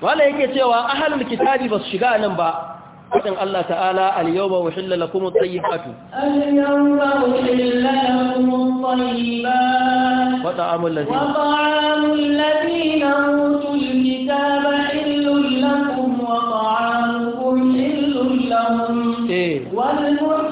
wala yake cewa ahalul kitabi ba su shiga nan ba faɗin Allah ta'ala al-yawma uhilla lakum at-tayyibatu al-yawma uhilla lakum at-tayyibatu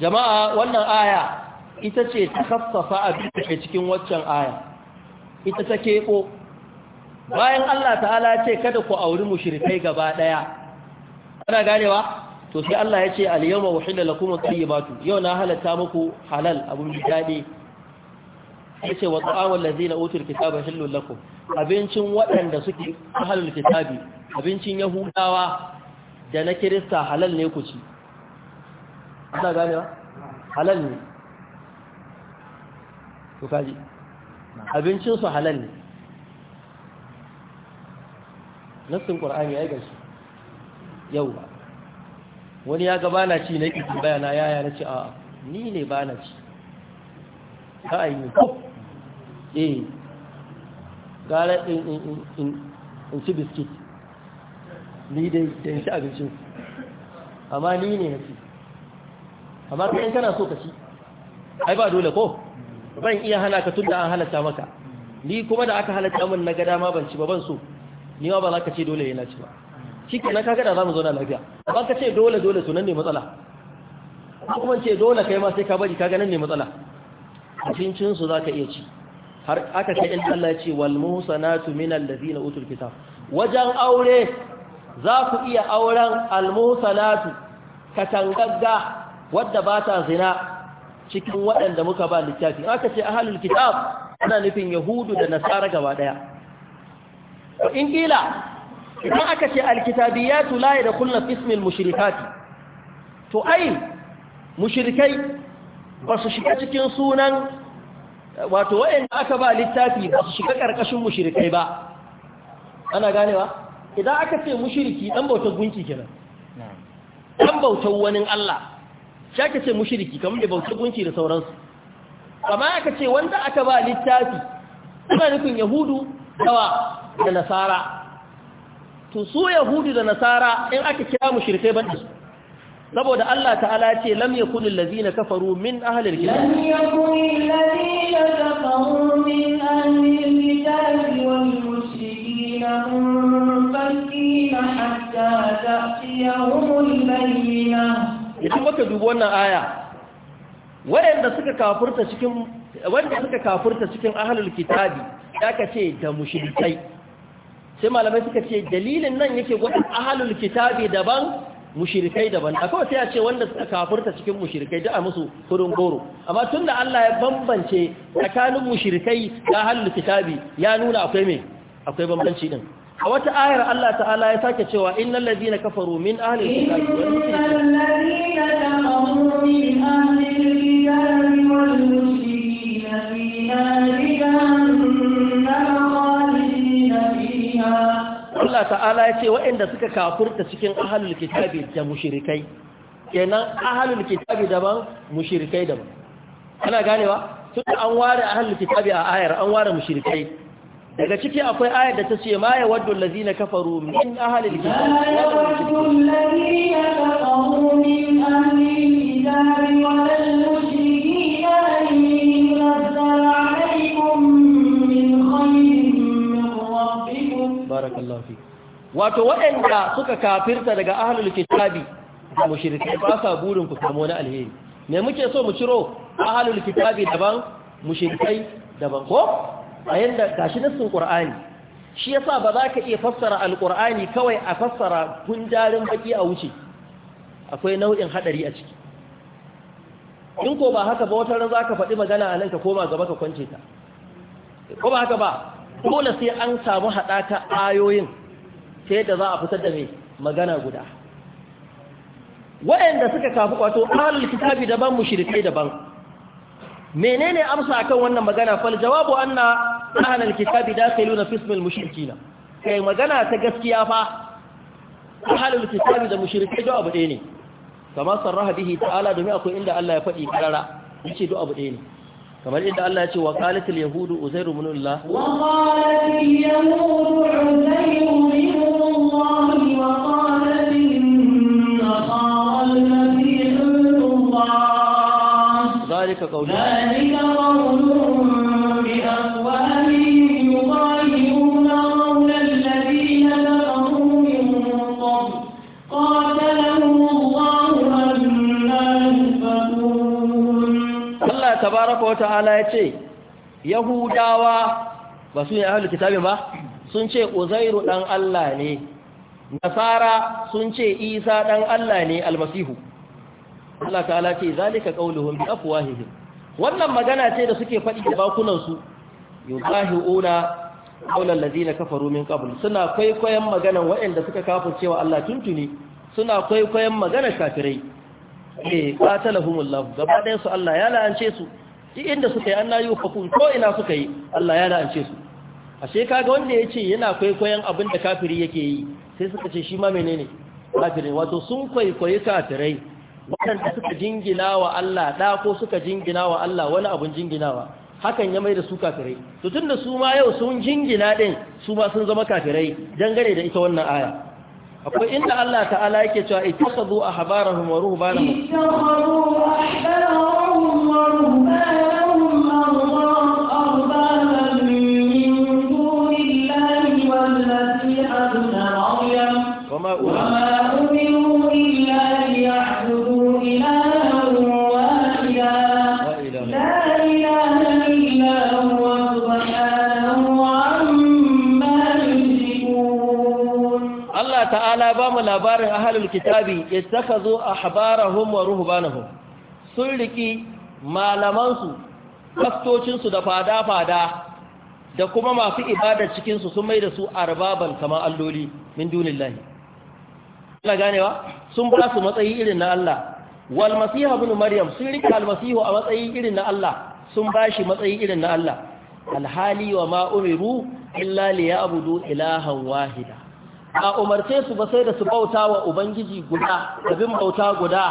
jama'a wannan aya ita ce ta kafafa abin da ke cikin waccan aya ita ta keɓo bayan Allah ta'ala ce kada ku auri mushrikai gaba ɗaya ana ganewa to sai Allah ya ce al-yawma uhilla lakum at-tayyibatu yau na halatta muku halal abun sai ce wa ta'awul allazina utul kitaba halal lakum abincin waɗanda suke halal kitabi abincin yahudawa da na kirista halal ne ku ci ana ganewa halal ne to kaji su halal ne nassin qur'ani ya yi gashi yau ba wani ya ga bana ci na ƙi bayana yaya na ci a ni ne bana ci ka a yi ko eh gara in ci biskit ni dai da shi abincin amma ni ne na ci amma kai in kana so ka ci ai ba dole ko ban iya hana ka tunda an halatta maka ni kuma da aka halatta min na ga dama ban ci ba ban so ni ma ba za ka ce dole yana ci ba shikenan kaga da zamu zauna lafiya ba ka ce dole dole sunan ne matsala ko kuma ce dole kai ma sai ka bari kaga nan ne matsala abincin su zaka iya ci har aka kai in Allah ya ce wal musanatu min ladina utul kitab wajen aure za ku iya auren al musanatu katangagga wadda ba ta zina cikin waɗanda muka ba littafi aka ce ahalul kitab ana nufin yahudu da nasara gaba ɗaya in ƙila idan aka ce alkitabiyatu la da kullu ismil mushrikati to ai mushrikai ba su shiga cikin sunan wato waɗanda aka ba littafi ba su shiga ƙarƙashin mushrikai ba ana ganewa idan aka ce mushriki dan bautar gunki kenan dan bautar wani Allah shaka ce mushriki kamar da bauta gunki da sauransu kama aka ce wanda aka ba littafi suna nufin yahudu dawa da nasara to su yahudu da nasara in aka kira mushrikai ban su saboda Allah ta'ala ya ce lam yakun allazina kafaru min ahli kitab lam yakun allazina kafaru min ahli alkitab wal mushrikin munfakin hatta ta'tiyahum al-bayyinah idan muka dubi wannan aya waɗanda suka kafurta cikin wanda suka kafurta cikin ahlul kitabi ya ce da mushrikai sai malamai suka ce dalilin nan yake gwada ahlul kitabi daban mushrikai daban akwai sai ya ce wanda suka kafurta cikin mushrikai da musu kurin goro amma tunda Allah ya bambance tsakanin mushrikai da ahlul kitabi ya nuna akwai me akwai bambanci din a wata ayar Allah ta'ala ya sake cewa innal ladina kafaru min ahli Allah ta'ala ya ce waɗanda suka kafurta cikin ahalul kitabi da mushrikai kenan ahalul kitabi daban mushrikai daban ana ganewa tun an ware ahalul kitabi a ayar an ware mushrikai daga ciki akwai ayar da ta ce ma ya waddu allazina kafaru min ahlil kitabi wal mushrikeena an yunzala alaykum min khayrin min rabbikum barakallahu fi wato waɗanda suka kafirta daga ahlul kitabi da mushrikai ba sa burin ku samu wani alheri me muke so mu ciro ahlul kitabi daban mushrikai daban ko a yadda gashi nassin ƙur'ani shi yasa ba za ka iya fassara alƙur'ani kawai a fassara jarin baki a wuce akwai nau'in haɗari a ciki in ko ba haka ba wata ran ka faɗi magana a nan ka koma gaba ka kwance ta ko ba haka ba dole sai an samu haɗaka ayoyin ta yadda za a fitar da mai magana guda wa'anda suka kafi kwato ahlul kitabi daban mushrikai daban menene amsa akan wannan magana fal jawabu anna ahlul kitabi dakhiluna fi ismil mushrikina kai magana ta gaskiya fa ahlul kitabi da mushrike do abu ɗaya ne kama sarraha bihi ta'ala domin akwai inda Allah ya fadi karara yace do abu ɗaya ne kamar inda Allah ya ce wa qalatil yahudu uzairu ibn wa qalatil yahudu uzairu ذلك قولهم ذلك قولهم بأقوالهم يضاهرون قول الذين كفروا من قبل قاتلهم الله أنا يؤفكون الله تبارك وتعالى يتي يهوداوا kitabin ba? sun ce uzairu ɗan Allah ne nasara sun ce isa ɗan Allah ne almasihu Allah ta'ala ce zalika qauluhum bi afwahihim wannan magana ce da suke faɗi da bakunan su yuzahiuna qaulal ladina kafaru min qabl suna kwaikwayon magana waɗanda suka cewa Allah tuntuni suna kwaikwayon magana kafirai eh qatalahumullah gaba ɗayan su Allah ya la'ance su duk inda suka yi an nayu fakun ko ina suka yi Allah ya la'ance su ashe kaga wanda ya ce yana kwaikwayon abin da kafiri yake yi sai suka ce shi ma menene kafirai wato sun kwaikwayi kafirai waɗanda suka jingina wa Allah ɗa ko suka jingina wa Allah wani abun jinginawa hakan ya mai da su kafirai to da su ma yau sun jingina ɗin su ma sun zama kafirai dangane da ita wannan aya akwai inda Allah ta'ala yake cewa ita ka zo a ittakhadhu humaru ba na arbaban ya ba mu labarin ahalul kitabi ya saka zo a habarahun wa ruhubanahun sun riƙi malamansu fastocinsu da fada-fada da kuma masu ibada cikinsu sun mai da su arbaban kama alloli min dunin lahi ana ganewa sun ba su matsayi irin na Allah wal masiha bin maryam sun rika almasihu a matsayi irin na Allah sun ba shi matsayi irin na Allah alhali wa ma umiru illa liya abudu ilahan wahida ba umarce su ba sai da su bauta wa ubangiji guda abin bauta guda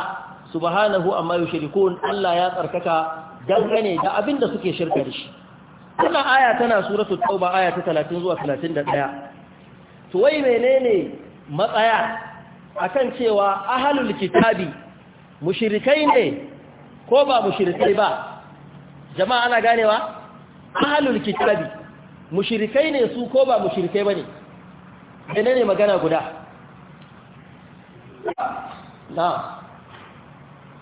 subhanahu amma shirikun Allah ya tsarkaka dangane da abin da suke shirka da shi wannan aya tana suratu tauba aya ta 30 zuwa 31 to wai menene matsaya akan cewa ahalul kitabi mushrikai ne ko ba mushrikai ba jama'a ana ganewa Ahalul kitabi mushrikai ne su ko ba mushrikai bane ɗane ne magana guda na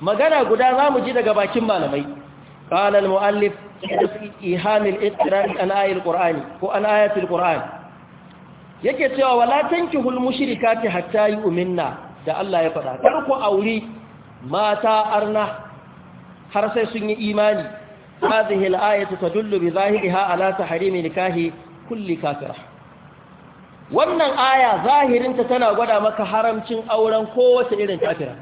magana guda za mu ji daga bakin malamai قال المؤلف إيهام الإقراء عن آية القرآن وعن yake cewa wala tankihul mushrikati hatta yu'minna da Allah ya faɗa kar ku aure mata arna har sai sun yi imani hadhihi al-ayatu tadullu bi ha ala tahrimi nikahi kulli kafira wannan aya zahirinta tana gwada maka haramcin auren kowace irin kafira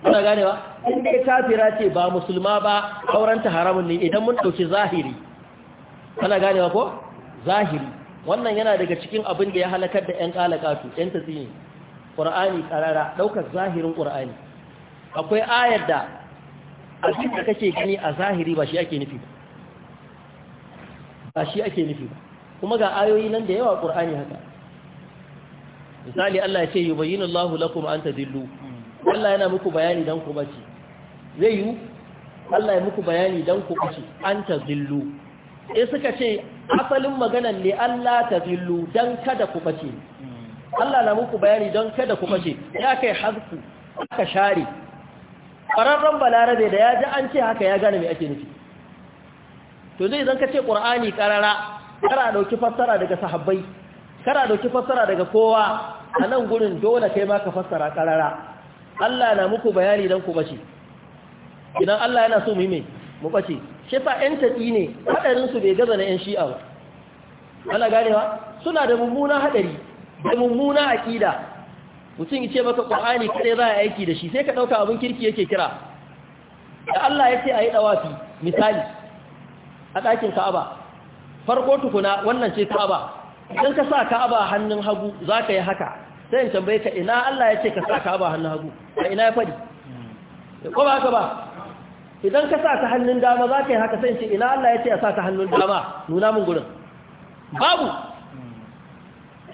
kuna ganewa inda kafira ce ba musulma ba aurenta haramun ne idan mun dauki zahiri kana ganewa ko zahiri wannan yana daga cikin abin da ya halakar da ƴan kalakatu ƴan tasini qur'ani qarara daukar zahirin qur'ani akwai ayar da abin da kake gani a zahiri ba shi ake nufi ba shi ake nufi ba kuma ga ayoyi nan da yawa qur'ani haka misali Allah ya ce yubayyinu Allahu lakum an ta dillu Allah yana muku bayani dan ku bace zai yi Allah ya muku bayani dan ku bace an ta dillu sai suka ce asalin maganan ne Allah ta dillu dan kada ku bace Allah na muku bayani don kada ku bace ya kai hasku aka share ƙararren balarabe da ya ji an ce haka ya gane mai ake nufi to zai zan ka ce ƙur'ani ƙarara ƙara ɗauki fassara daga sahabbai kana dauki fassara daga kowa a nan gurin dole kai ma ka fassara karara Allah na muku bayani dan ku bace idan Allah yana so mu yi mai mu bace shi fa ƴan ne hadarin su bai gaza na ƴan shi'a ba ana ganewa suna da mummuna hadari da mummuna aqida mutum yace maka qur'ani kaɗai za a aiki da shi sai ka dauka abun kirki yake kira da Allah ya ce ayi dawafi misali a ɗakin Ka'aba farko tukuna wannan ce Ka'aba idan ka sa ka'aba hannun hagu za ka yi haka sai in tambaye ka ina Allah ya ce ka sa ka'aba hannun hagu a ina ya faɗi ko ba haka ba idan ka sa ta hannun dama za ka yi haka sai in ce ina Allah ya ce ya sa ta hannun dama nuna min gurin babu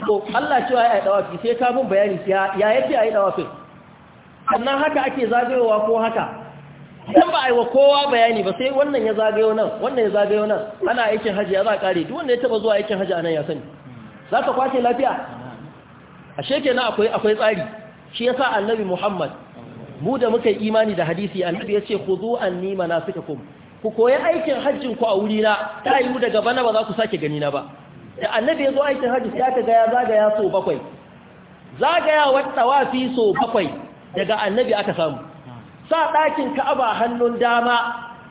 to Allah cewa ya yi dawafi sai ka mun bayani ya yace a yi dawafin sannan haka ake zagayowa ko haka dan ba a yi wa kowa bayani ba sai wannan ya zagayo nan wannan ya zagayo nan ana aikin hajji ya za a kare duk wanda ya taba zuwa aikin hajji anan ya sani za ka kwace lafiya ashe kenan akwai akwai tsari shi sa annabi Muhammad mu da muka yi imani da hadisi annabi ya ce khudhu suka kuma. ku koyi aikin hajjin ku a wuri na ta yi daga bana ba za ku sake gani na ba da annabi ya zo aikin hajji sai ka gaya zagaya so bakwai zagaya wata tawafi so bakwai daga annabi aka samu sa ɗakin ka'aba hannun dama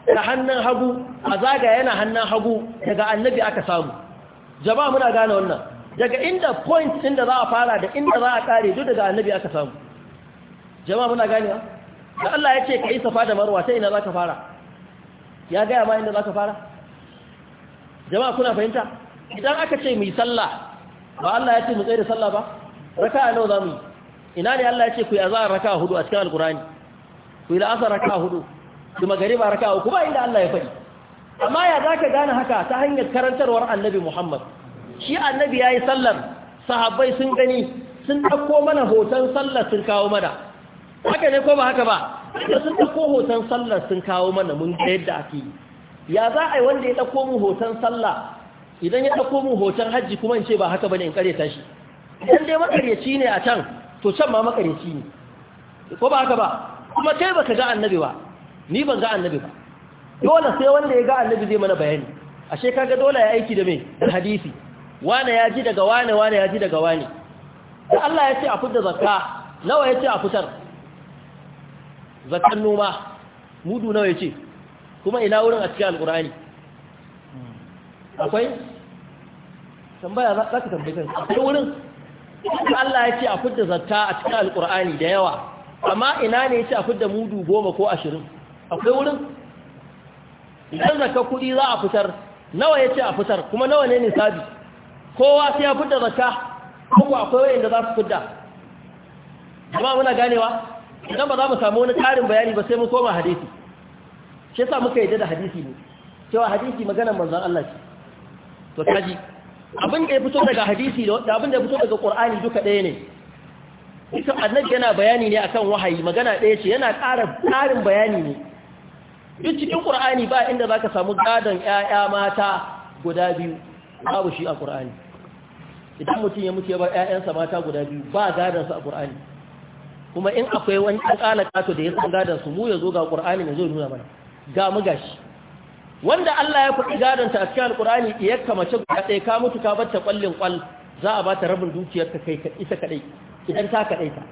da hannun hagu a zagaya yana hannun hagu daga annabi aka samu jama'a muna gane wannan daga inda point inda za a fara da inda za a kare duk daga annabi aka samu jama'a muna gane da Allah ya ce ka yi safa da marwa sai ina za ka fara ya gaya ma inda za ka fara jama'a kuna fahimta idan aka ce mai sallah ba Allah ya ce mu tsaye da sallah ba raka'a nawa za mu ina ne Allah ya ce ku yi azahar raka'a hudu a cikin alkurani ku yi la'asar raka'a hudu ba raka raka'a uku ba inda Allah ya faɗi amma ya za ka gane haka ta hanyar karantarwar annabi Muhammad shi annabi ya yi sallar sahabbai sun gani sun ɗauko mana hoton sallar sun kawo mana haka ne ko ba haka ba da sun ɗauko hoton sallar sun kawo mana mun ga yadda ake yi ya za a yi wanda ya ɗauko mu hoton sallar idan ya ɗauko mu hoton hajji kuma in ce ba haka ba ne in ta shi idan dai makaryaci ne a can to can ma makaryaci ne ko ba haka ba kuma kai baka ga annabi ba ni ban ga annabi ba dole sai wanda ya ga annabi zai mana bayani ashe kaga dole ya aiki da mai, da hadisi wane ya ji daga wane wane ya ji daga wane da Allah ya ce a fitar zakka nawa ya ce a fitar zakkan noma mudu nawa ya ce kuma ina wurin a cikin alkurani akwai tambaya za ka tambaya kan akwai wurin Allah ya ce a fitar zakka a cikin alkurani da yawa amma ina ne ya ce a fitar mudu goma ko ashirin akwai wurin idan zakka kuɗi za a fitar nawa ya ce a fitar kuma nawa ne sabi kowa sai ya fita zakka kuma akwai wayanda za su fita amma muna ganewa idan ba za mu samu wani ƙarin bayani ba sai mu koma hadisi shi yasa muka yi da hadisi ne cewa hadisi maganar manzon Allah ce to kaji abin da ya fito daga hadisi da abin da ya fito daga Qur'ani duka ɗaya ne ita annabi yana bayani ne akan wahayi magana ɗaya ce yana ƙara ƙarin bayani ne duk cikin Qur'ani ba inda zaka samu gadon ƴaƴa mata guda biyu babu shi a Qur'ani idan mutum ya mutu ya bar ƴaƴansa mata guda biyu ba su a Qur'ani kuma in akwai wani ɗan ƙala ƙato da ya san gadon su mu ya zo ga Qur'ani ne zo nuna mana ga mu gashi wanda Allah ya faɗi gadon ta a cikin qurani iyar ka mace guda ɗaya ka mutu ka bar ta kwallin kwal za a ba ta rabin dukiyar ka kai ita kadai idan ta kadai ta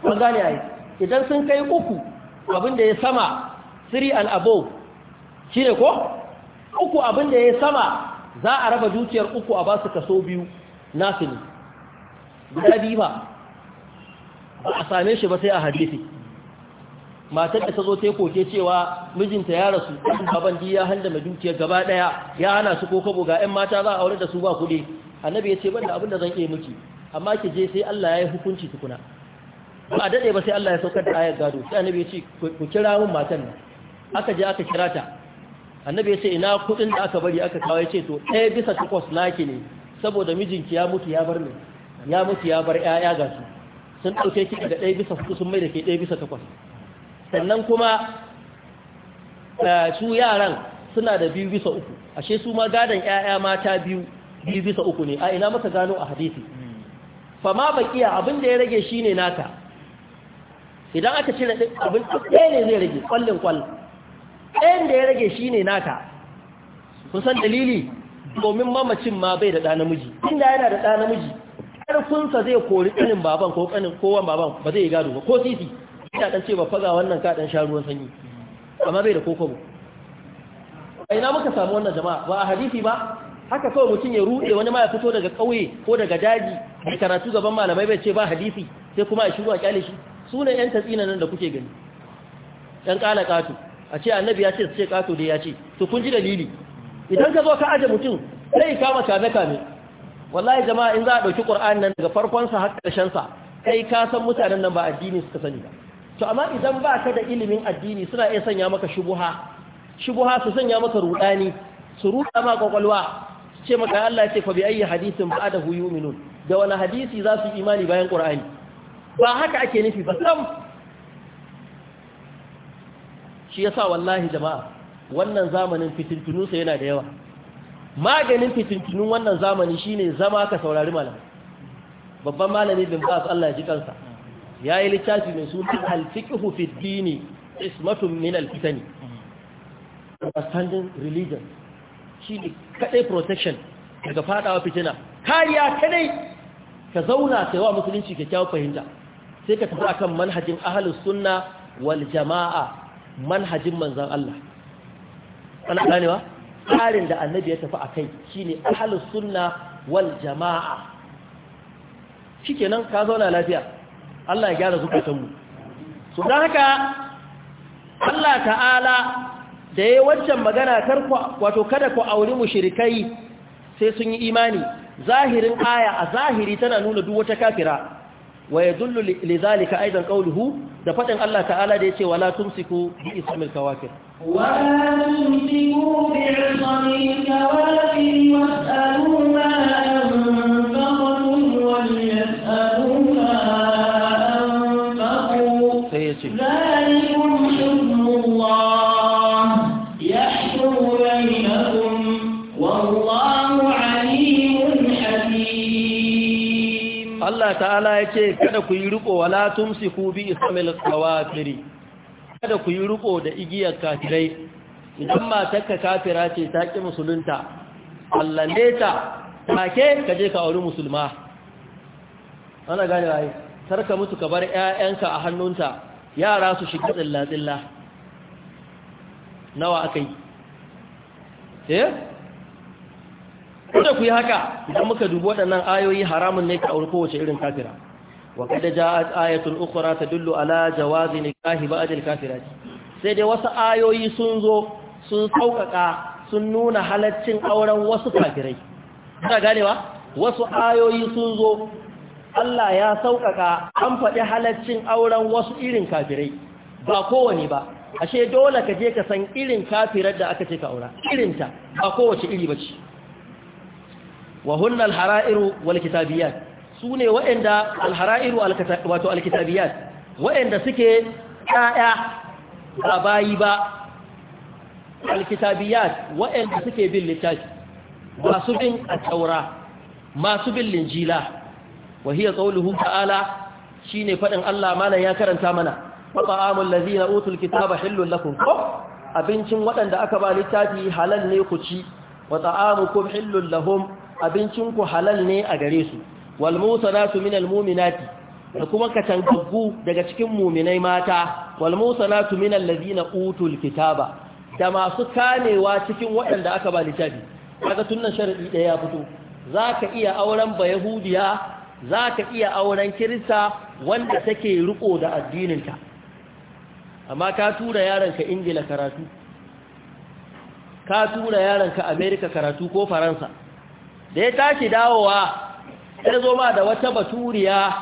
kun gane ai idan sun kai uku abin da ya sama siri and above shine ko uku abin da ya sama za a raba dukiyar uku a ba su kaso biyu nasu ne guda biyu ba ba a same shi ba sai a hadisi matar da ta zo ta koke cewa mijinta ya rasu ɗan baban ya handa mai dukiyar gaba ɗaya ya hana su ko kabo ga 'yan mata za a aure da su ba kuɗi annabi ya ce ban da abin da zan iya miki amma ki je sai Allah ya yi hukunci tukuna ba a daɗe ba sai Allah ya saukar da ayar gado sai annabi ya ce ku kira mun matan nan aka je aka kira ta annabi ya ce ina kudin da aka bari aka kawo ya ce to ɗaya bisa takwas naki ne saboda mijinki ya mutu ya bar ne ya mutu ya bar ya ga su sun ɗauke ki daga ɗaya bisa hudu sun mai da ke ɗaya bisa takwas sannan kuma eh, su yaran suna da biyu bisa uku ashe su ma gadon ƴaƴa mata biyu biyu bisa uku ne a ina masa gano a hadisi ma bakiya abin da ya rage shine naka idan aka cire abin ɗaya ne zai rage kwallin kwallin ɗayan da ya rage shi ne nata kusan dalili domin mamacin ma bai da ɗa namiji inda yana da ɗa namiji ƙarfinsa zai kori ƙanin baban ko ƙanin kowan baban ba zai gado ba ko titi ina ɗan ce ba faga wannan ka ɗan sha ruwan sanyi amma bai da kokobo a ina muka samu wannan jama'a ba a hadisi ba haka kawai mutum ya ruɗe wani ma ya fito daga ƙauye ko daga daji da karatu gaban malamai bai ce ba hadisi sai kuma a shiru a kyale shi su ne 'yan tatsina nan da kuke gani 'yan ƙala ƙato a ce annabi ya ce su ce kato da ya ce to kun ji dalili idan ka zo ka aje mutum sai kama kame kame wallahi jama'a in za a dauki qur'ani nan daga farkon sa har karshen sa kai ka san mutanen nan ba addini suka sani ba to amma idan ba ka da ilimin addini suna iya sanya maka shubuha shubuha su sanya maka rudani su ruda ma kwakwalwa su ce maka Allah ce fa bi ayyi hadisin ba'dahu yu'minun da wani hadisi za su imani bayan qur'ani ba haka ake nufi ba sam shi sa wallahi jama'a wannan zamanin fitintunu sa yana da yawa maganin fitintunun wannan zamani shine zama ka saurari malam babban malami bin ba'as Allah ya ji kansa yayi littafi mai suna al-fiqhu fi din ismatun min al-fitan understanding religion shi protection daga fadawa fitina kariya kadai ka zauna kai wa musulunci kyakkyawar fahimta sai ka tafi akan manhajin ahlus sunna wal jama'a manhajin manzan Allah ana ganewa tsarin da annabi ya tafi a kai shine ahlus sunna wal jama'a nan ka zauna lafiya Allah ya gyara zukatanmu so don haka Allah ta'ala da ya yi wancan magana karku wato kada ku auri mu shirikai sai sun yi imani zahirin aya a zahiri tana nuna duk wata kafira ويدل لذلك أيضا قوله دفتن الله تعالى ديتي ولا تمسكوا بإصم الكواكب ولا تمسكوا بعصم الكواكب واسألوا ما أنفقتم وليسألوا ما أنفقوا ذلك ta'ala ya ce kada ku yi riko wala tumsiku bi ismil kawafiri kada ku yi riko da igiyar kafirai idan matarka kafira ce ta ki musulunta allale ta take ka je ka auri musulma ana gane wai sarka mutu ka bar ƴaƴanka a hannunta yara su shiga tsilla tsilla nawa akai eh kada ku yi haka idan muka dubi waɗannan ayoyi haramun ne ka auri kowace irin kafira wa kada ja'at ayatul ukhra tadullu ala jawazi nikahi ba'd al-kafirati sai dai wasu ayoyi sun zo sun saukaka sun nuna halaccin auren wasu kafirai kuna ganewa wasu ayoyi sun zo Allah ya saukaka an faɗi halaccin auren wasu irin kafirai ba kowane ba ashe dole ka je ka san irin kafirar da aka ce ka aura irinta ba kowace iri bace wa hunna al-hara'iru wal kitabiyat sune wa'anda al-hara'iru wato al waɗanda suke ƴaƴa ba bayi ba al waɗanda suke bin littafi masu bin at masu bin linjila wa hiya qawluhu ta'ala shine faɗin Allah mana ya karanta mana wa ta'amul ladzina utul kitaba lakun ko abincin waɗanda aka ba littafi halal ne ku ci amun kuma hillul lahum abincinku halal ne a gare su wal musanatu minal mu'minati da kuma katangaggu daga cikin mu'minai mata wal musanatu minal ladina utul kitaba da masu kanewa cikin waɗanda aka ba littafi kaga tunan sharadi ɗaya ya fito zaka iya auren bayahudiya zaka iya auren kirista wanda take riko da addininta amma ka tura yaranka ingila karatu ka tura yaranka america karatu ko faransa da ya tashi dawowa ya zo ma da wata baturiya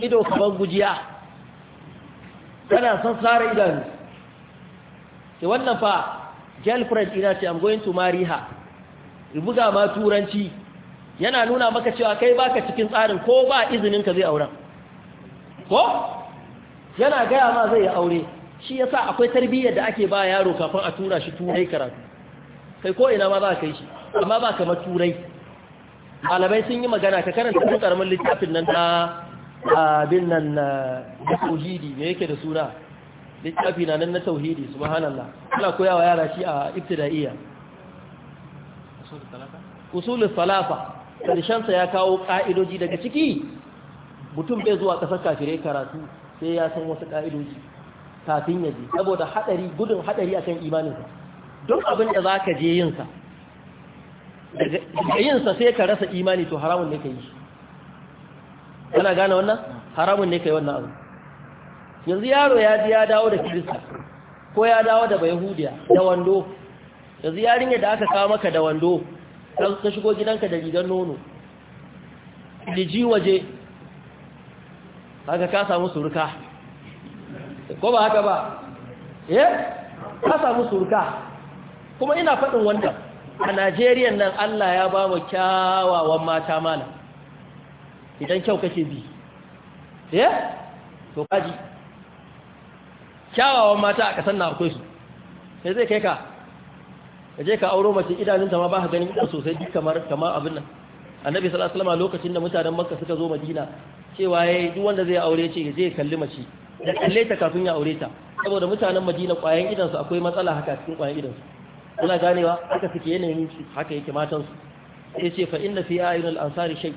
ido kamar gujiya tana son tsara idanu ke wannan fa girlfriend ina ce i'm going to marry her buga ma turanci yana nuna maka cewa kai baka cikin tsarin ko ba izinin ka zai auren ko yana gaya ma zai yi aure shi yasa akwai tarbiyyar da ake ba yaro kafin a tura shi turai karatu kai ko ina ma za ka kai shi amma ba kamar turai malamai sun yi magana ta karanta su karamin littafin nan na abin nan na tauhidi yake da suna littafi na nan na tauhidi subhanallah ana koyawa yara shi a ibtidaiya usulun salafa karshensa ya kawo ka'idoji daga ciki mutum bai zuwa kasar kafirai karatu sai ya san wasu ka'idoji kafin ya je saboda hadari gudun hadari akan imaninsa duk abin da za ka je yinsa daga yinsa sai ka rasa imani to haramun ne ka yi kana gane wannan haramun ne ka yi wannan abu yanzu yaro ya ji ya dawo da kirista ko ya dawo da bayahudiya da wando yanzu yarin da aka kawo maka da wando ka shigo gidanka da rigar nono liji waje haka ka samu surka ko ba haka ba eh ka samu surka kuma ina faɗin wannan a najeriya nan allah ya ba mu kyawawan mata mana idan kyau kake bi ya eh? to kaji kyawawan mata a kasan na akwai su sai zai kai ka ka je ka auro mace idanunta ma ba ka ganin ita sosai duk kamar kamar abin nan annabi sallallahu alaihi wasallam lokacin da mutanen makka suka zo madina cewa yayi duk wanda zai aure ce ya kalli mace da kalle ta kafin ya aure ta saboda mutanen madina kwayan su akwai matsala haka cikin kwayan su. kuna ganewa haka suke yanayin su haka yake matan su sai ce fa inna fi ayunil ansari shay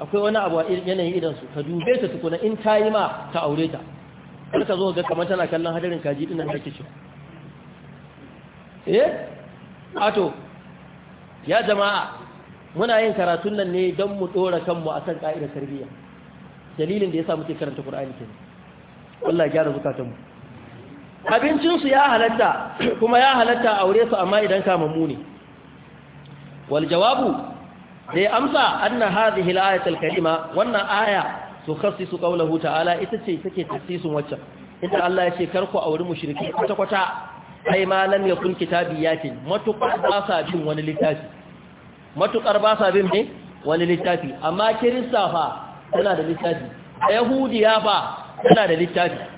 akwai wani abu a yanayin idan su ka dube ta tukuna in ta yi ma ta aure ta kar ka zo ga kamar tana kallon hadarin kaji din nan kake ci eh ato ya jama'a muna yin karatun nan ne don mu dora kanmu akan ka'idar tarbiyya dalilin da yasa muke karanta Qur'ani kenan wallahi gyara zukatanmu abincinsu ya halatta kuma ya halatta aure su amma idan kamammu ne wal jawabu da ya amsa anna hadhihi al-ayatul karima wannan aya su khassisu qawluhu ta'ala ita ce take tafsirin waccan inda Allah ya ce kar ku auri mushriki kwata kwata ai ma lam yakun kitabiyatin matukar ba sa bin wani littafi matukar ba sa bin ne wani littafi amma kirista fa tana da littafi yahudiya fa tana da littafi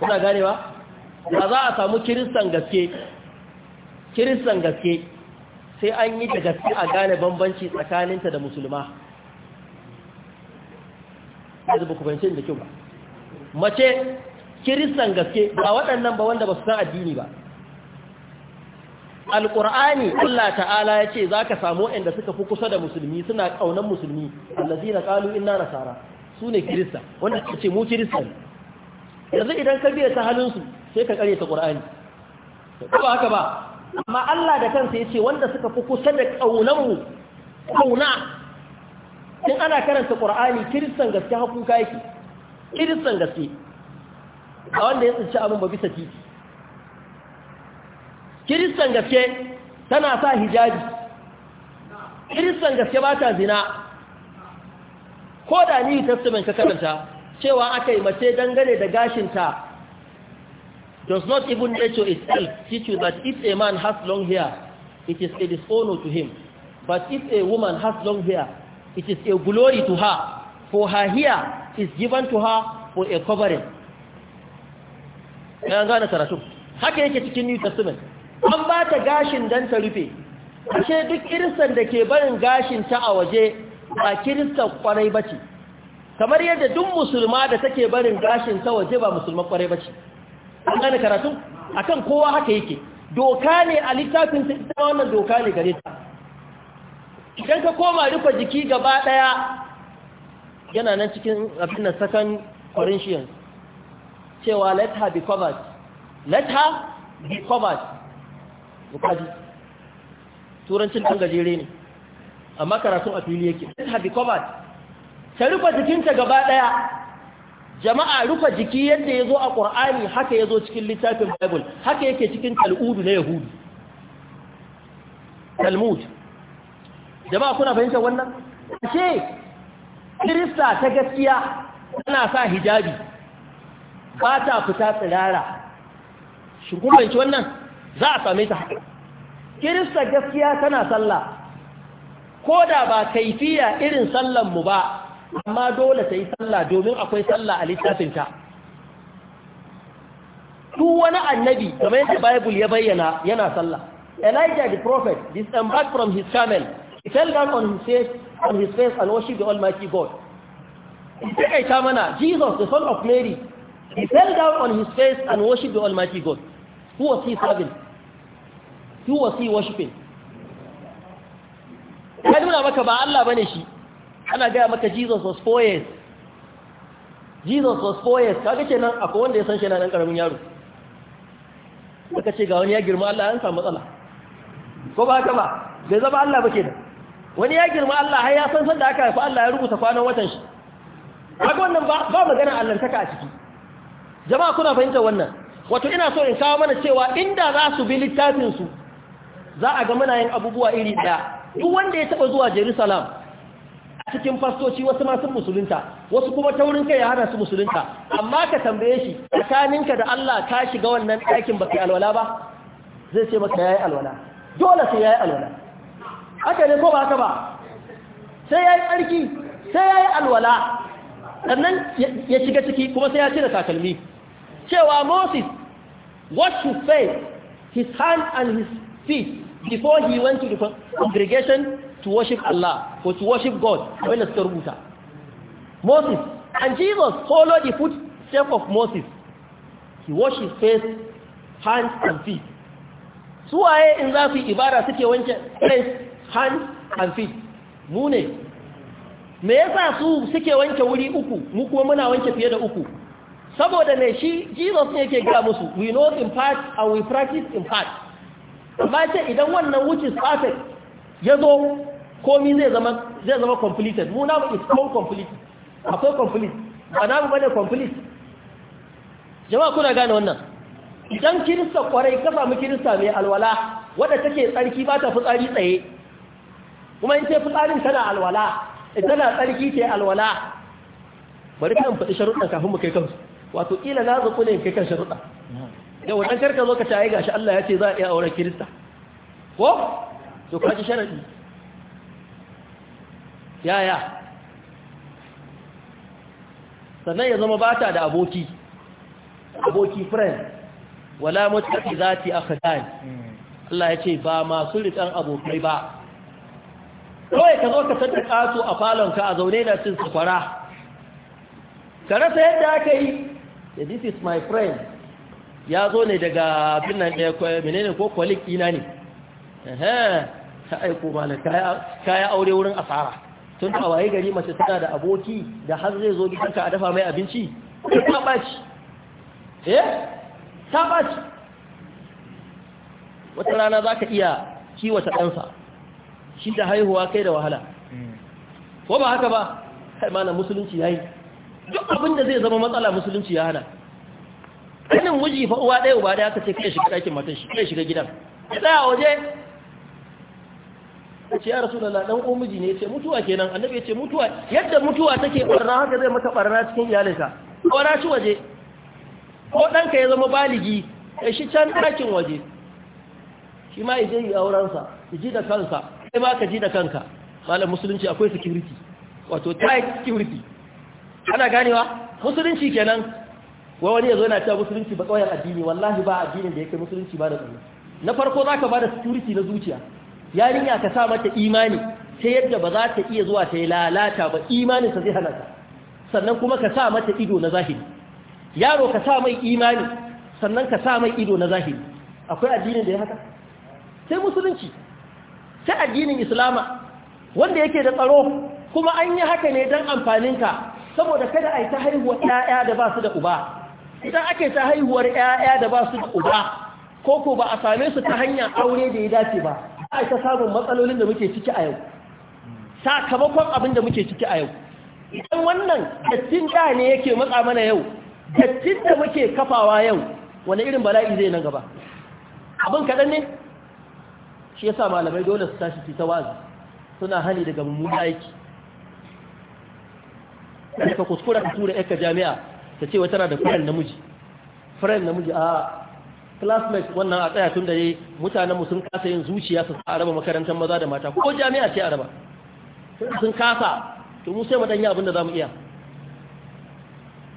kuna gane ba ba za a samu kiristan gaske kiristan gaske sai an yi da gaske a gane bambanci tsakaninta da musulma ya zuba da kyau mace kiristan gaske ba waɗannan ba wanda ba su san addini ba alƙur'ani Allah ta'ala ya ce za ka samu inda suka fi kusa da musulmi suna ƙaunar musulmi allazi na ƙalu inna nasara su ne kirista wanda ce mu kiristan. yanzu idan ka biya ta halinsu sai ka kare ta ƙur'ani ba haka ba amma Allah da kansa ya ce wanda suka fi kusa da ƙaunanmu ƙauna in ana karanta ƙur'ani kiristan gaske ka yake kiristan gaske a wanda ya tsinci abin ba bisa titi kiristan gaske tana sa hijabi kiristan gaske ba ta zina ko da ni testament ka karanta cewa aka yi mace dangane da gashinta does not even nature itself teach you that if a man has long hair it is a dishonor to him but if a woman has long hair it is a glory to her for her hair is given to her for a covering ya gane karatu haka yake cikin new testament an ba ta gashin dan ta rufe ashe duk kiristan da ke barin gashin ta a waje ba kiristan kwarai ba ce kamar yadda duk musulma da take barin gashin ta waje ba musulma kwarai bace an gane karatu akan kowa haka yake doka ne a littafin ta ita wannan doka ne gare ta idan ka koma rufe jiki gaba daya yana nan cikin abin nan sakan corinthian cewa let her be covered let her be covered bukaji turancin dan gajere ne amma karatun a fili yake let her be covered ta rufe jikinta gaba ɗaya jama'a rufe jiki yadda ya zo a ƙur'ani haka ya zo cikin littafin bible haka yake cikin tal'udu na yahudu talmud jama'a kuna fahimtar wannan ce kirista ta gaskiya tana sa hijabi ba ta fita tsirara shi kumbanci wannan za a same ta haka kirista gaskiya tana sallah ko da ba kaifiya irin sallanmu ba amma dole ta yi sallah domin akwai sallah a littafinta duk wani annabi kamar yadda bible ya bayyana yana sallah elijah the prophet disembarked from his camel he fell down on his face on his face and worshiped the almighty god ta mana jesus the son of mary he fell down on his face and worshiped the almighty god who was he serving who was he worshiping ya nuna maka ba Allah bane shi ana gaya maka jesus was four years jesus was four years kaga nan, akwai wanda ya san shi na dan ƙaramin yaro aka ce ga wani ya girma Allah an samu matsala ko ba haka ba bai zama Allah ba ke da. wani ya girma Allah har ya san san da aka haifi Allah ya rubuta kwanan watan shi haka wannan ba magana allantaka a ciki jama'a kuna fahimtar wannan wato ina so in kawo mana cewa inda za su bi littafinsu za a ga muna yin abubuwa iri ɗaya duk wanda ya taɓa zuwa jerusalem cikin fastoci wasu masu musulunta wasu kuma taurin kai ya hana su musulunta amma ka tambaye shi tsakaninka da Allah ka shiga wannan ɗakin baka alwala ba zai ce maka yayi alwala dole sai yayi alwala Aka ne ko ba haka ba sai yayi tsarki sai yayi alwala sannan ya shiga ciki kuma sai ya da takalmi cewa Moses what to say his hand and his feet before he went to the congregation to worship Allah or to worship God abinda suka rubuta Moses and Jesus followed the footsteps of Moses he washed his face hands and feet Su waye in za su yi ibada suke wanke face hands and feet mu ne me yasa su suke wanke wuri uku mu kuma muna wanke fiye da uku saboda ne shi Jesus ne yake gaya musu we know in part and we practice in part amma ce idan wannan wuce perfect ya zo komi zai zama zai zama completed mu namu is all complete akwai complete ba namu bane complete jama'a kuna gane wannan idan kirista kwarai ka samu kirista mai alwala wadda take tsarki ba ta fitsari tsaye kuma in ce fitsarin tana alwala tana tsarki ce alwala bari kan faɗi sharuɗan kafin mu kai kansu wato ƙila na zaƙo ne kai kan sharuɗa da ɗan karka zo ka ta yi gashi Allah ya ce za a iya auren kirista ko to kaji sharaɗi yaya sannan ya zama bata da aboki aboki friend wala mutaki zati akhdan Allah ya ce ba masu rikan abokai ba kawai ka zo ka tattaka kasu a falonka a zaune da cin sakwara ka rasa yadda aka yi this is my friend ya zo ne daga abin nan eh, menene ko kwalik ina ne ehe ta aiko mana kaya aure wurin asara tun a waye gari mace tana da aboki da har zai zo gidanka a dafa mai abinci ta ɓaci eh ta ɓaci wata rana za ka iya kiwata ɗansa shi da haihuwa kai da wahala ko ba haka ba kai mana musulunci ya yi duk abinda zai zama matsala musulunci ya hana ɗanin wuji fa uwa ɗaya uba da aka ce kai shiga ɗakin matan shi kai shiga gidan ya tsaya waje ta ce ya rasu da ɗan omiji ne ya ce mutuwa kenan annabi ya ce mutuwa yadda mutuwa take ɓarna haka zai mata ɓarna cikin iyalinka ƙwara shi waje ko ɗanka ya zama baligi ya shi can ɗakin waje shi ma ije yi aurensa ya ji da kansa sai ma ka ji da kanka malam musulunci akwai security wato tight security ana ganewa musulunci kenan wai wani ya zo yana cewa musulunci ba ƙauyen addini wallahi ba addinin da yake musulunci ba da tsaro na farko za ka ba da security na zuciya yarinya ka sa mata imani ta yadda ba za ta iya zuwa ta yi lalata ba imanin sa zai hana ta sannan kuma ka sa mata ido na zahiri yaro ka sa mai imani sannan ka sa mai ido na zahiri akwai addinin da ya haka sai musulunci sai addinin islama wanda yake da tsaro kuma an yi haka ne don amfaninka saboda kada a yi ta haihuwar 'ya'ya da ba su da uba idan ake ta haihuwar 'ya'ya da ba su da uba ko ko ba a same su ta hanyar aure da ya dace ba a ta samun matsalolin da muke ciki a yau sakamakon abin da muke ciki a yau idan wannan dattin da ne yake matsa mana yau dattin da muke kafawa yau wani irin bala'i zai nan gaba abin kaɗan ne shi sa malamai dole su tashi fita wazi suna hani daga mummuna aiki kuskura ka tura jami'a ta ce wata na da namiji namiji a classmate wannan a tsaya tun da yi, mutanenmu sun kasa yin zuciya su raba makarantar maza da mata ko jami'a ce a raba? sun kasa to mu sai mu dan yi abin da zamu iya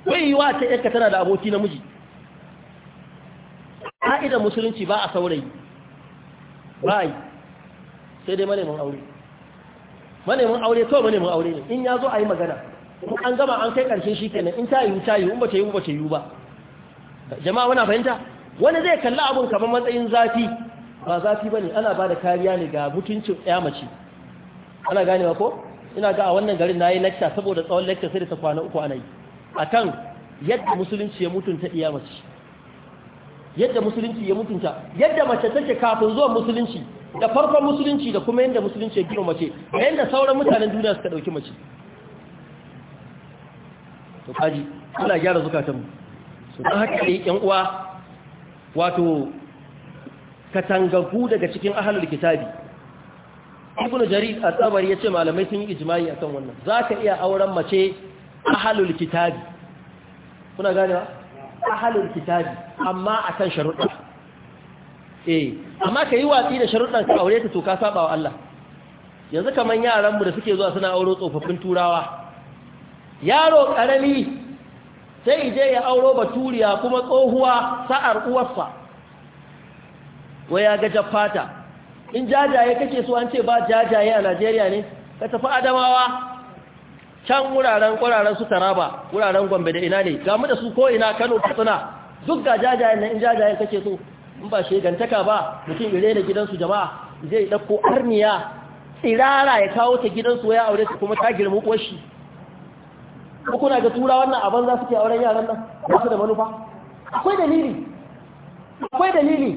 Wai yiwa ta yanka tana da aboki A ka'idar musulunci ba a saurayi ba yi sai dai manemin aure manemin aure kawai manemin aure ne in ya zo a yi magana an gama an kai ƙarshen shi kenan in ta yi ta yi, in ba ta yi ba ta yi ba jama'a wana fahimta wani zai kalli abun kamar matsayin zafi ba zafi ba ne ana ba da kariya ne ga mutuncin ya mace ana ba ko ina ga a wannan garin na yi lakta saboda tsawon lakta sai da ta kwana uku ana yi a kan yadda musulunci ya mutunta iya mace yadda musulunci ya mutunta yadda mace take kafin zuwan musulunci da farkon musulunci da kuma yadda musulunci ya gina mace da yadda sauran mutanen duniya suka dauki mace to kaji ana gyara zukatanmu su don haka yi yan uwa wato katangagu daga cikin ahalul kitabi ibnu jarir al tabari yace malamai sun yi ijma'i akan wannan zaka iya auren mace ahalul kitabi kuna gane ba ahalul kitabi amma akan sharuɗa eh amma kai watsi da sharuɗan ka aure ta to ka saba wa Allah yanzu kaman yaran mu da suke zuwa suna aure tsofaffin turawa yaro karami sai je ya auro baturiya kuma tsohuwa sa'ar uwarsa waya ga jaffata in jajaye kake so an ce ba jajaye a Najeriya ne ka tafi Adamawa can wuraren ƙwararren su Taraba wuraren Gombe da ina ne ga mu da su ko ina Kano Katsina duk ga jajayen nan in jajaye kake so in ba gantaka ba mutum ire ne gidansu jama'a zai ɗauko arniya tsirara ya kawo ta gidansu ya aure su kuma ta girmi ko kuna ga tura wannan abin za su ke auren yaran nan ba su da manufa akwai dalili akwai dalili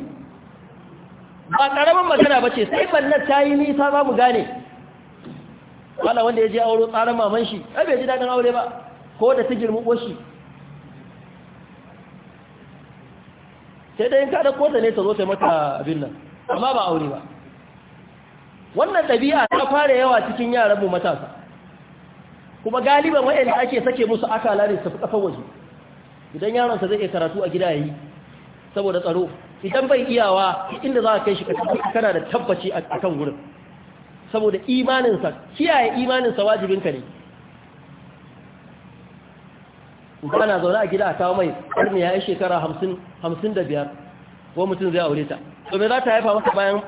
ba karamin magana ba ce sai ballar ta yi nisa za mu gane wala wanda ya je auro tsarin maman shi ai bai ji daɗin aure ba ko da ta girma shi sai dai ka da kota ne ta zo ta mata abin nan amma ba aure ba wannan ɗabi'a ta fara yawa cikin yaran mu matasa kuma galiban wayanda ake sake musu akala ne su fi kafan waje idan yaronsa zai iya karatu a gida yi saboda tsaro idan bai iyawa inda za a kai shi kana da tabbaci a kan wurin saboda imaninsa kiyaye imaninsa wajibinka ne na zaune a gida a kawo mai karni ya yi shekara hamsin da biyar ko mutum zai aure ta to me za ta haifa masa bayan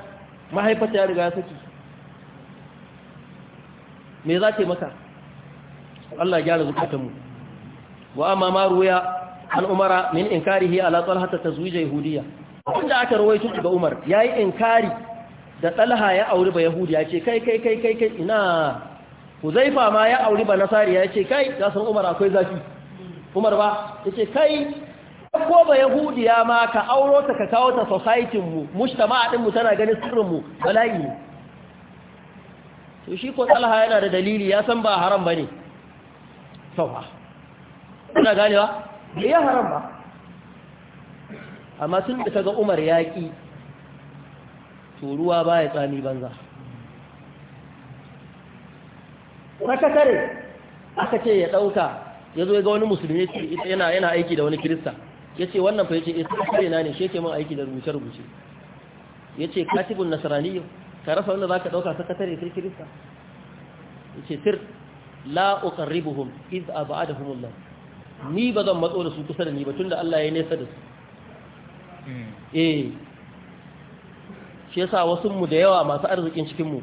mahaifata ya riga ya saki me za ta yi maka Allah ya gyara zukatanmu wa amma ma ruya an umara min inkarihi ala talhata tazwij yahudiyya inda aka rawaito daga umar yayi inkari da talha ya auri ba yahudiya ce kai kai kai kai ina huzaifa ma ya auri ba nasari ya ce kai ka san umar akwai zafi umar ba yace kai ko ba yahudiya ma ka auro ta ka kawo ta society mu mujtama'a din mu tana ganin sirrin mu bala'i to shi ko talha yana da dalili ya san ba haram bane sauha kuna ganewa da ya haram ba amma sun da ta ga umar yaƙi to ruwa ba ya tsami banza sakatare aka ce ya ɗauka ya zo ga wani musulmi yana yana aiki da wani kirista ya ce wannan fa ya ce isa eh, na ne shi ke mun aiki da rubuce-rubuce ya ce katibun nasaraniyo ka rasa wanda za ka ɗauka sakatare sai kirista ya ce sir la uqarribuhum iz ab'adahum Allah ni ba matso da su kusa da ni ba tunda Allah ya nesa da su hmm. eh shi yasa wasu mu da yawa masu arzikin cikin mu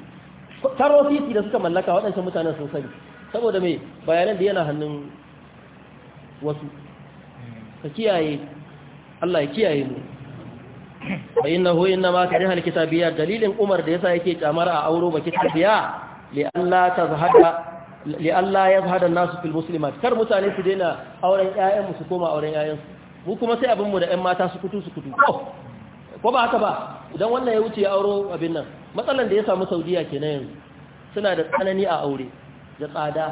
taro da suka mallaka waɗancan mutanen sun sani saboda me bayanan da yana hannun wasu hmm. ka kiyaye Allah ya kiyaye mu dalilin umar da yasa yake kamar a يكي أمر kitabiyya li an la تظهر allah ya fada nasu fil muslimat kar mutane su daina auren ƴaƴanmu su koma auren ƴaƴansu mu kuma sai abin mu da 'yan mata su kutu su kutu ko ba haka ba idan wannan ya wuce auro abin nan matsalan da ya samu saudiya kenan yanzu suna da tsanani a aure da tsada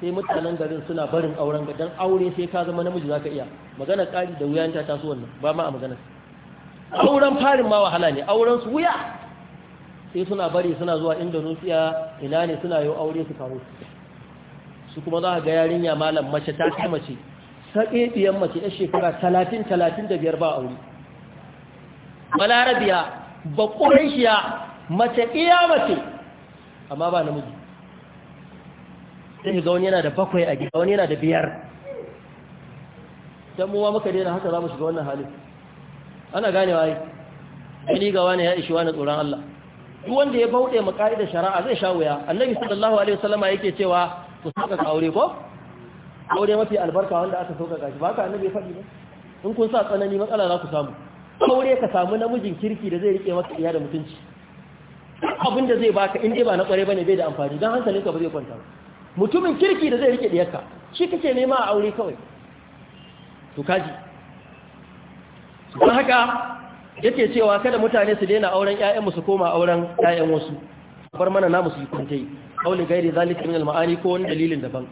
sai mutanen garin suna barin auren ga dan aure sai ka zama namiji zaka iya magana ƙari da wuyanta ta taso wannan ba ma a magana auren farin ma wahala ne auren su wuya sai suna bari suna zuwa indonesia ina ne suna yau aure su kawo su kuma za a ga yarinya malam mace ta kai mace saƙeɗiyar mace ya shekara talatin talatin da biyar ba a wuri. balarabiya ba ya mace iya mace amma ba namiji sai ga wani yana da bakwai a gida wani yana da biyar don muwa muka daina haka za mu shiga wannan hali. ana ganewa yi ga wani ya ishi wani tsoron Allah duk wanda ya bauɗe mu ka'idar shari'a zai sha wuya annabi sallallahu alaihi wasallama yake cewa ku saka aure ko aure mafi albarka wanda aka sauka gashi ba ka annabi ya faɗi ba in kun sa tsanani matsala za ku samu aure ka samu namijin kirki da zai rike maka iya da mutunci abin da zai baka in dai ba na kware bane bai da amfani dan hankalinka ba zai kwanta ba mutumin kirki da zai rike diyarka shi kake nema a aure kawai to kaji don haka yake cewa kada mutane su daina auren ƴaƴan su koma auren ƴaƴan wasu bar mana namu su yi kuntai kauli gairi zalika min al ko wani dalilin daban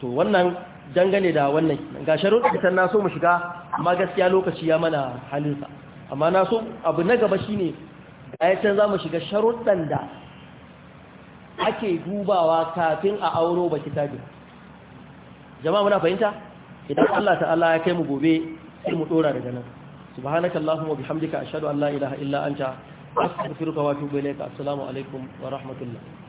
to wannan dangane da wannan ga sharuɗin ta na so mu shiga amma gaskiya lokaci ya mana halinsa amma na so abu na gaba shine ayatan za mu shiga sharuɗan da ake dubawa kafin a auro ba kitabi jama'a muna fahimta idan Allah ta'ala ya kai mu gobe sai mu dora daga nan subhanakallahumma bihamdika ashhadu an la ilaha illa anta astaghfiruka wa atubu ilayka assalamu alaikum wa rahmatullah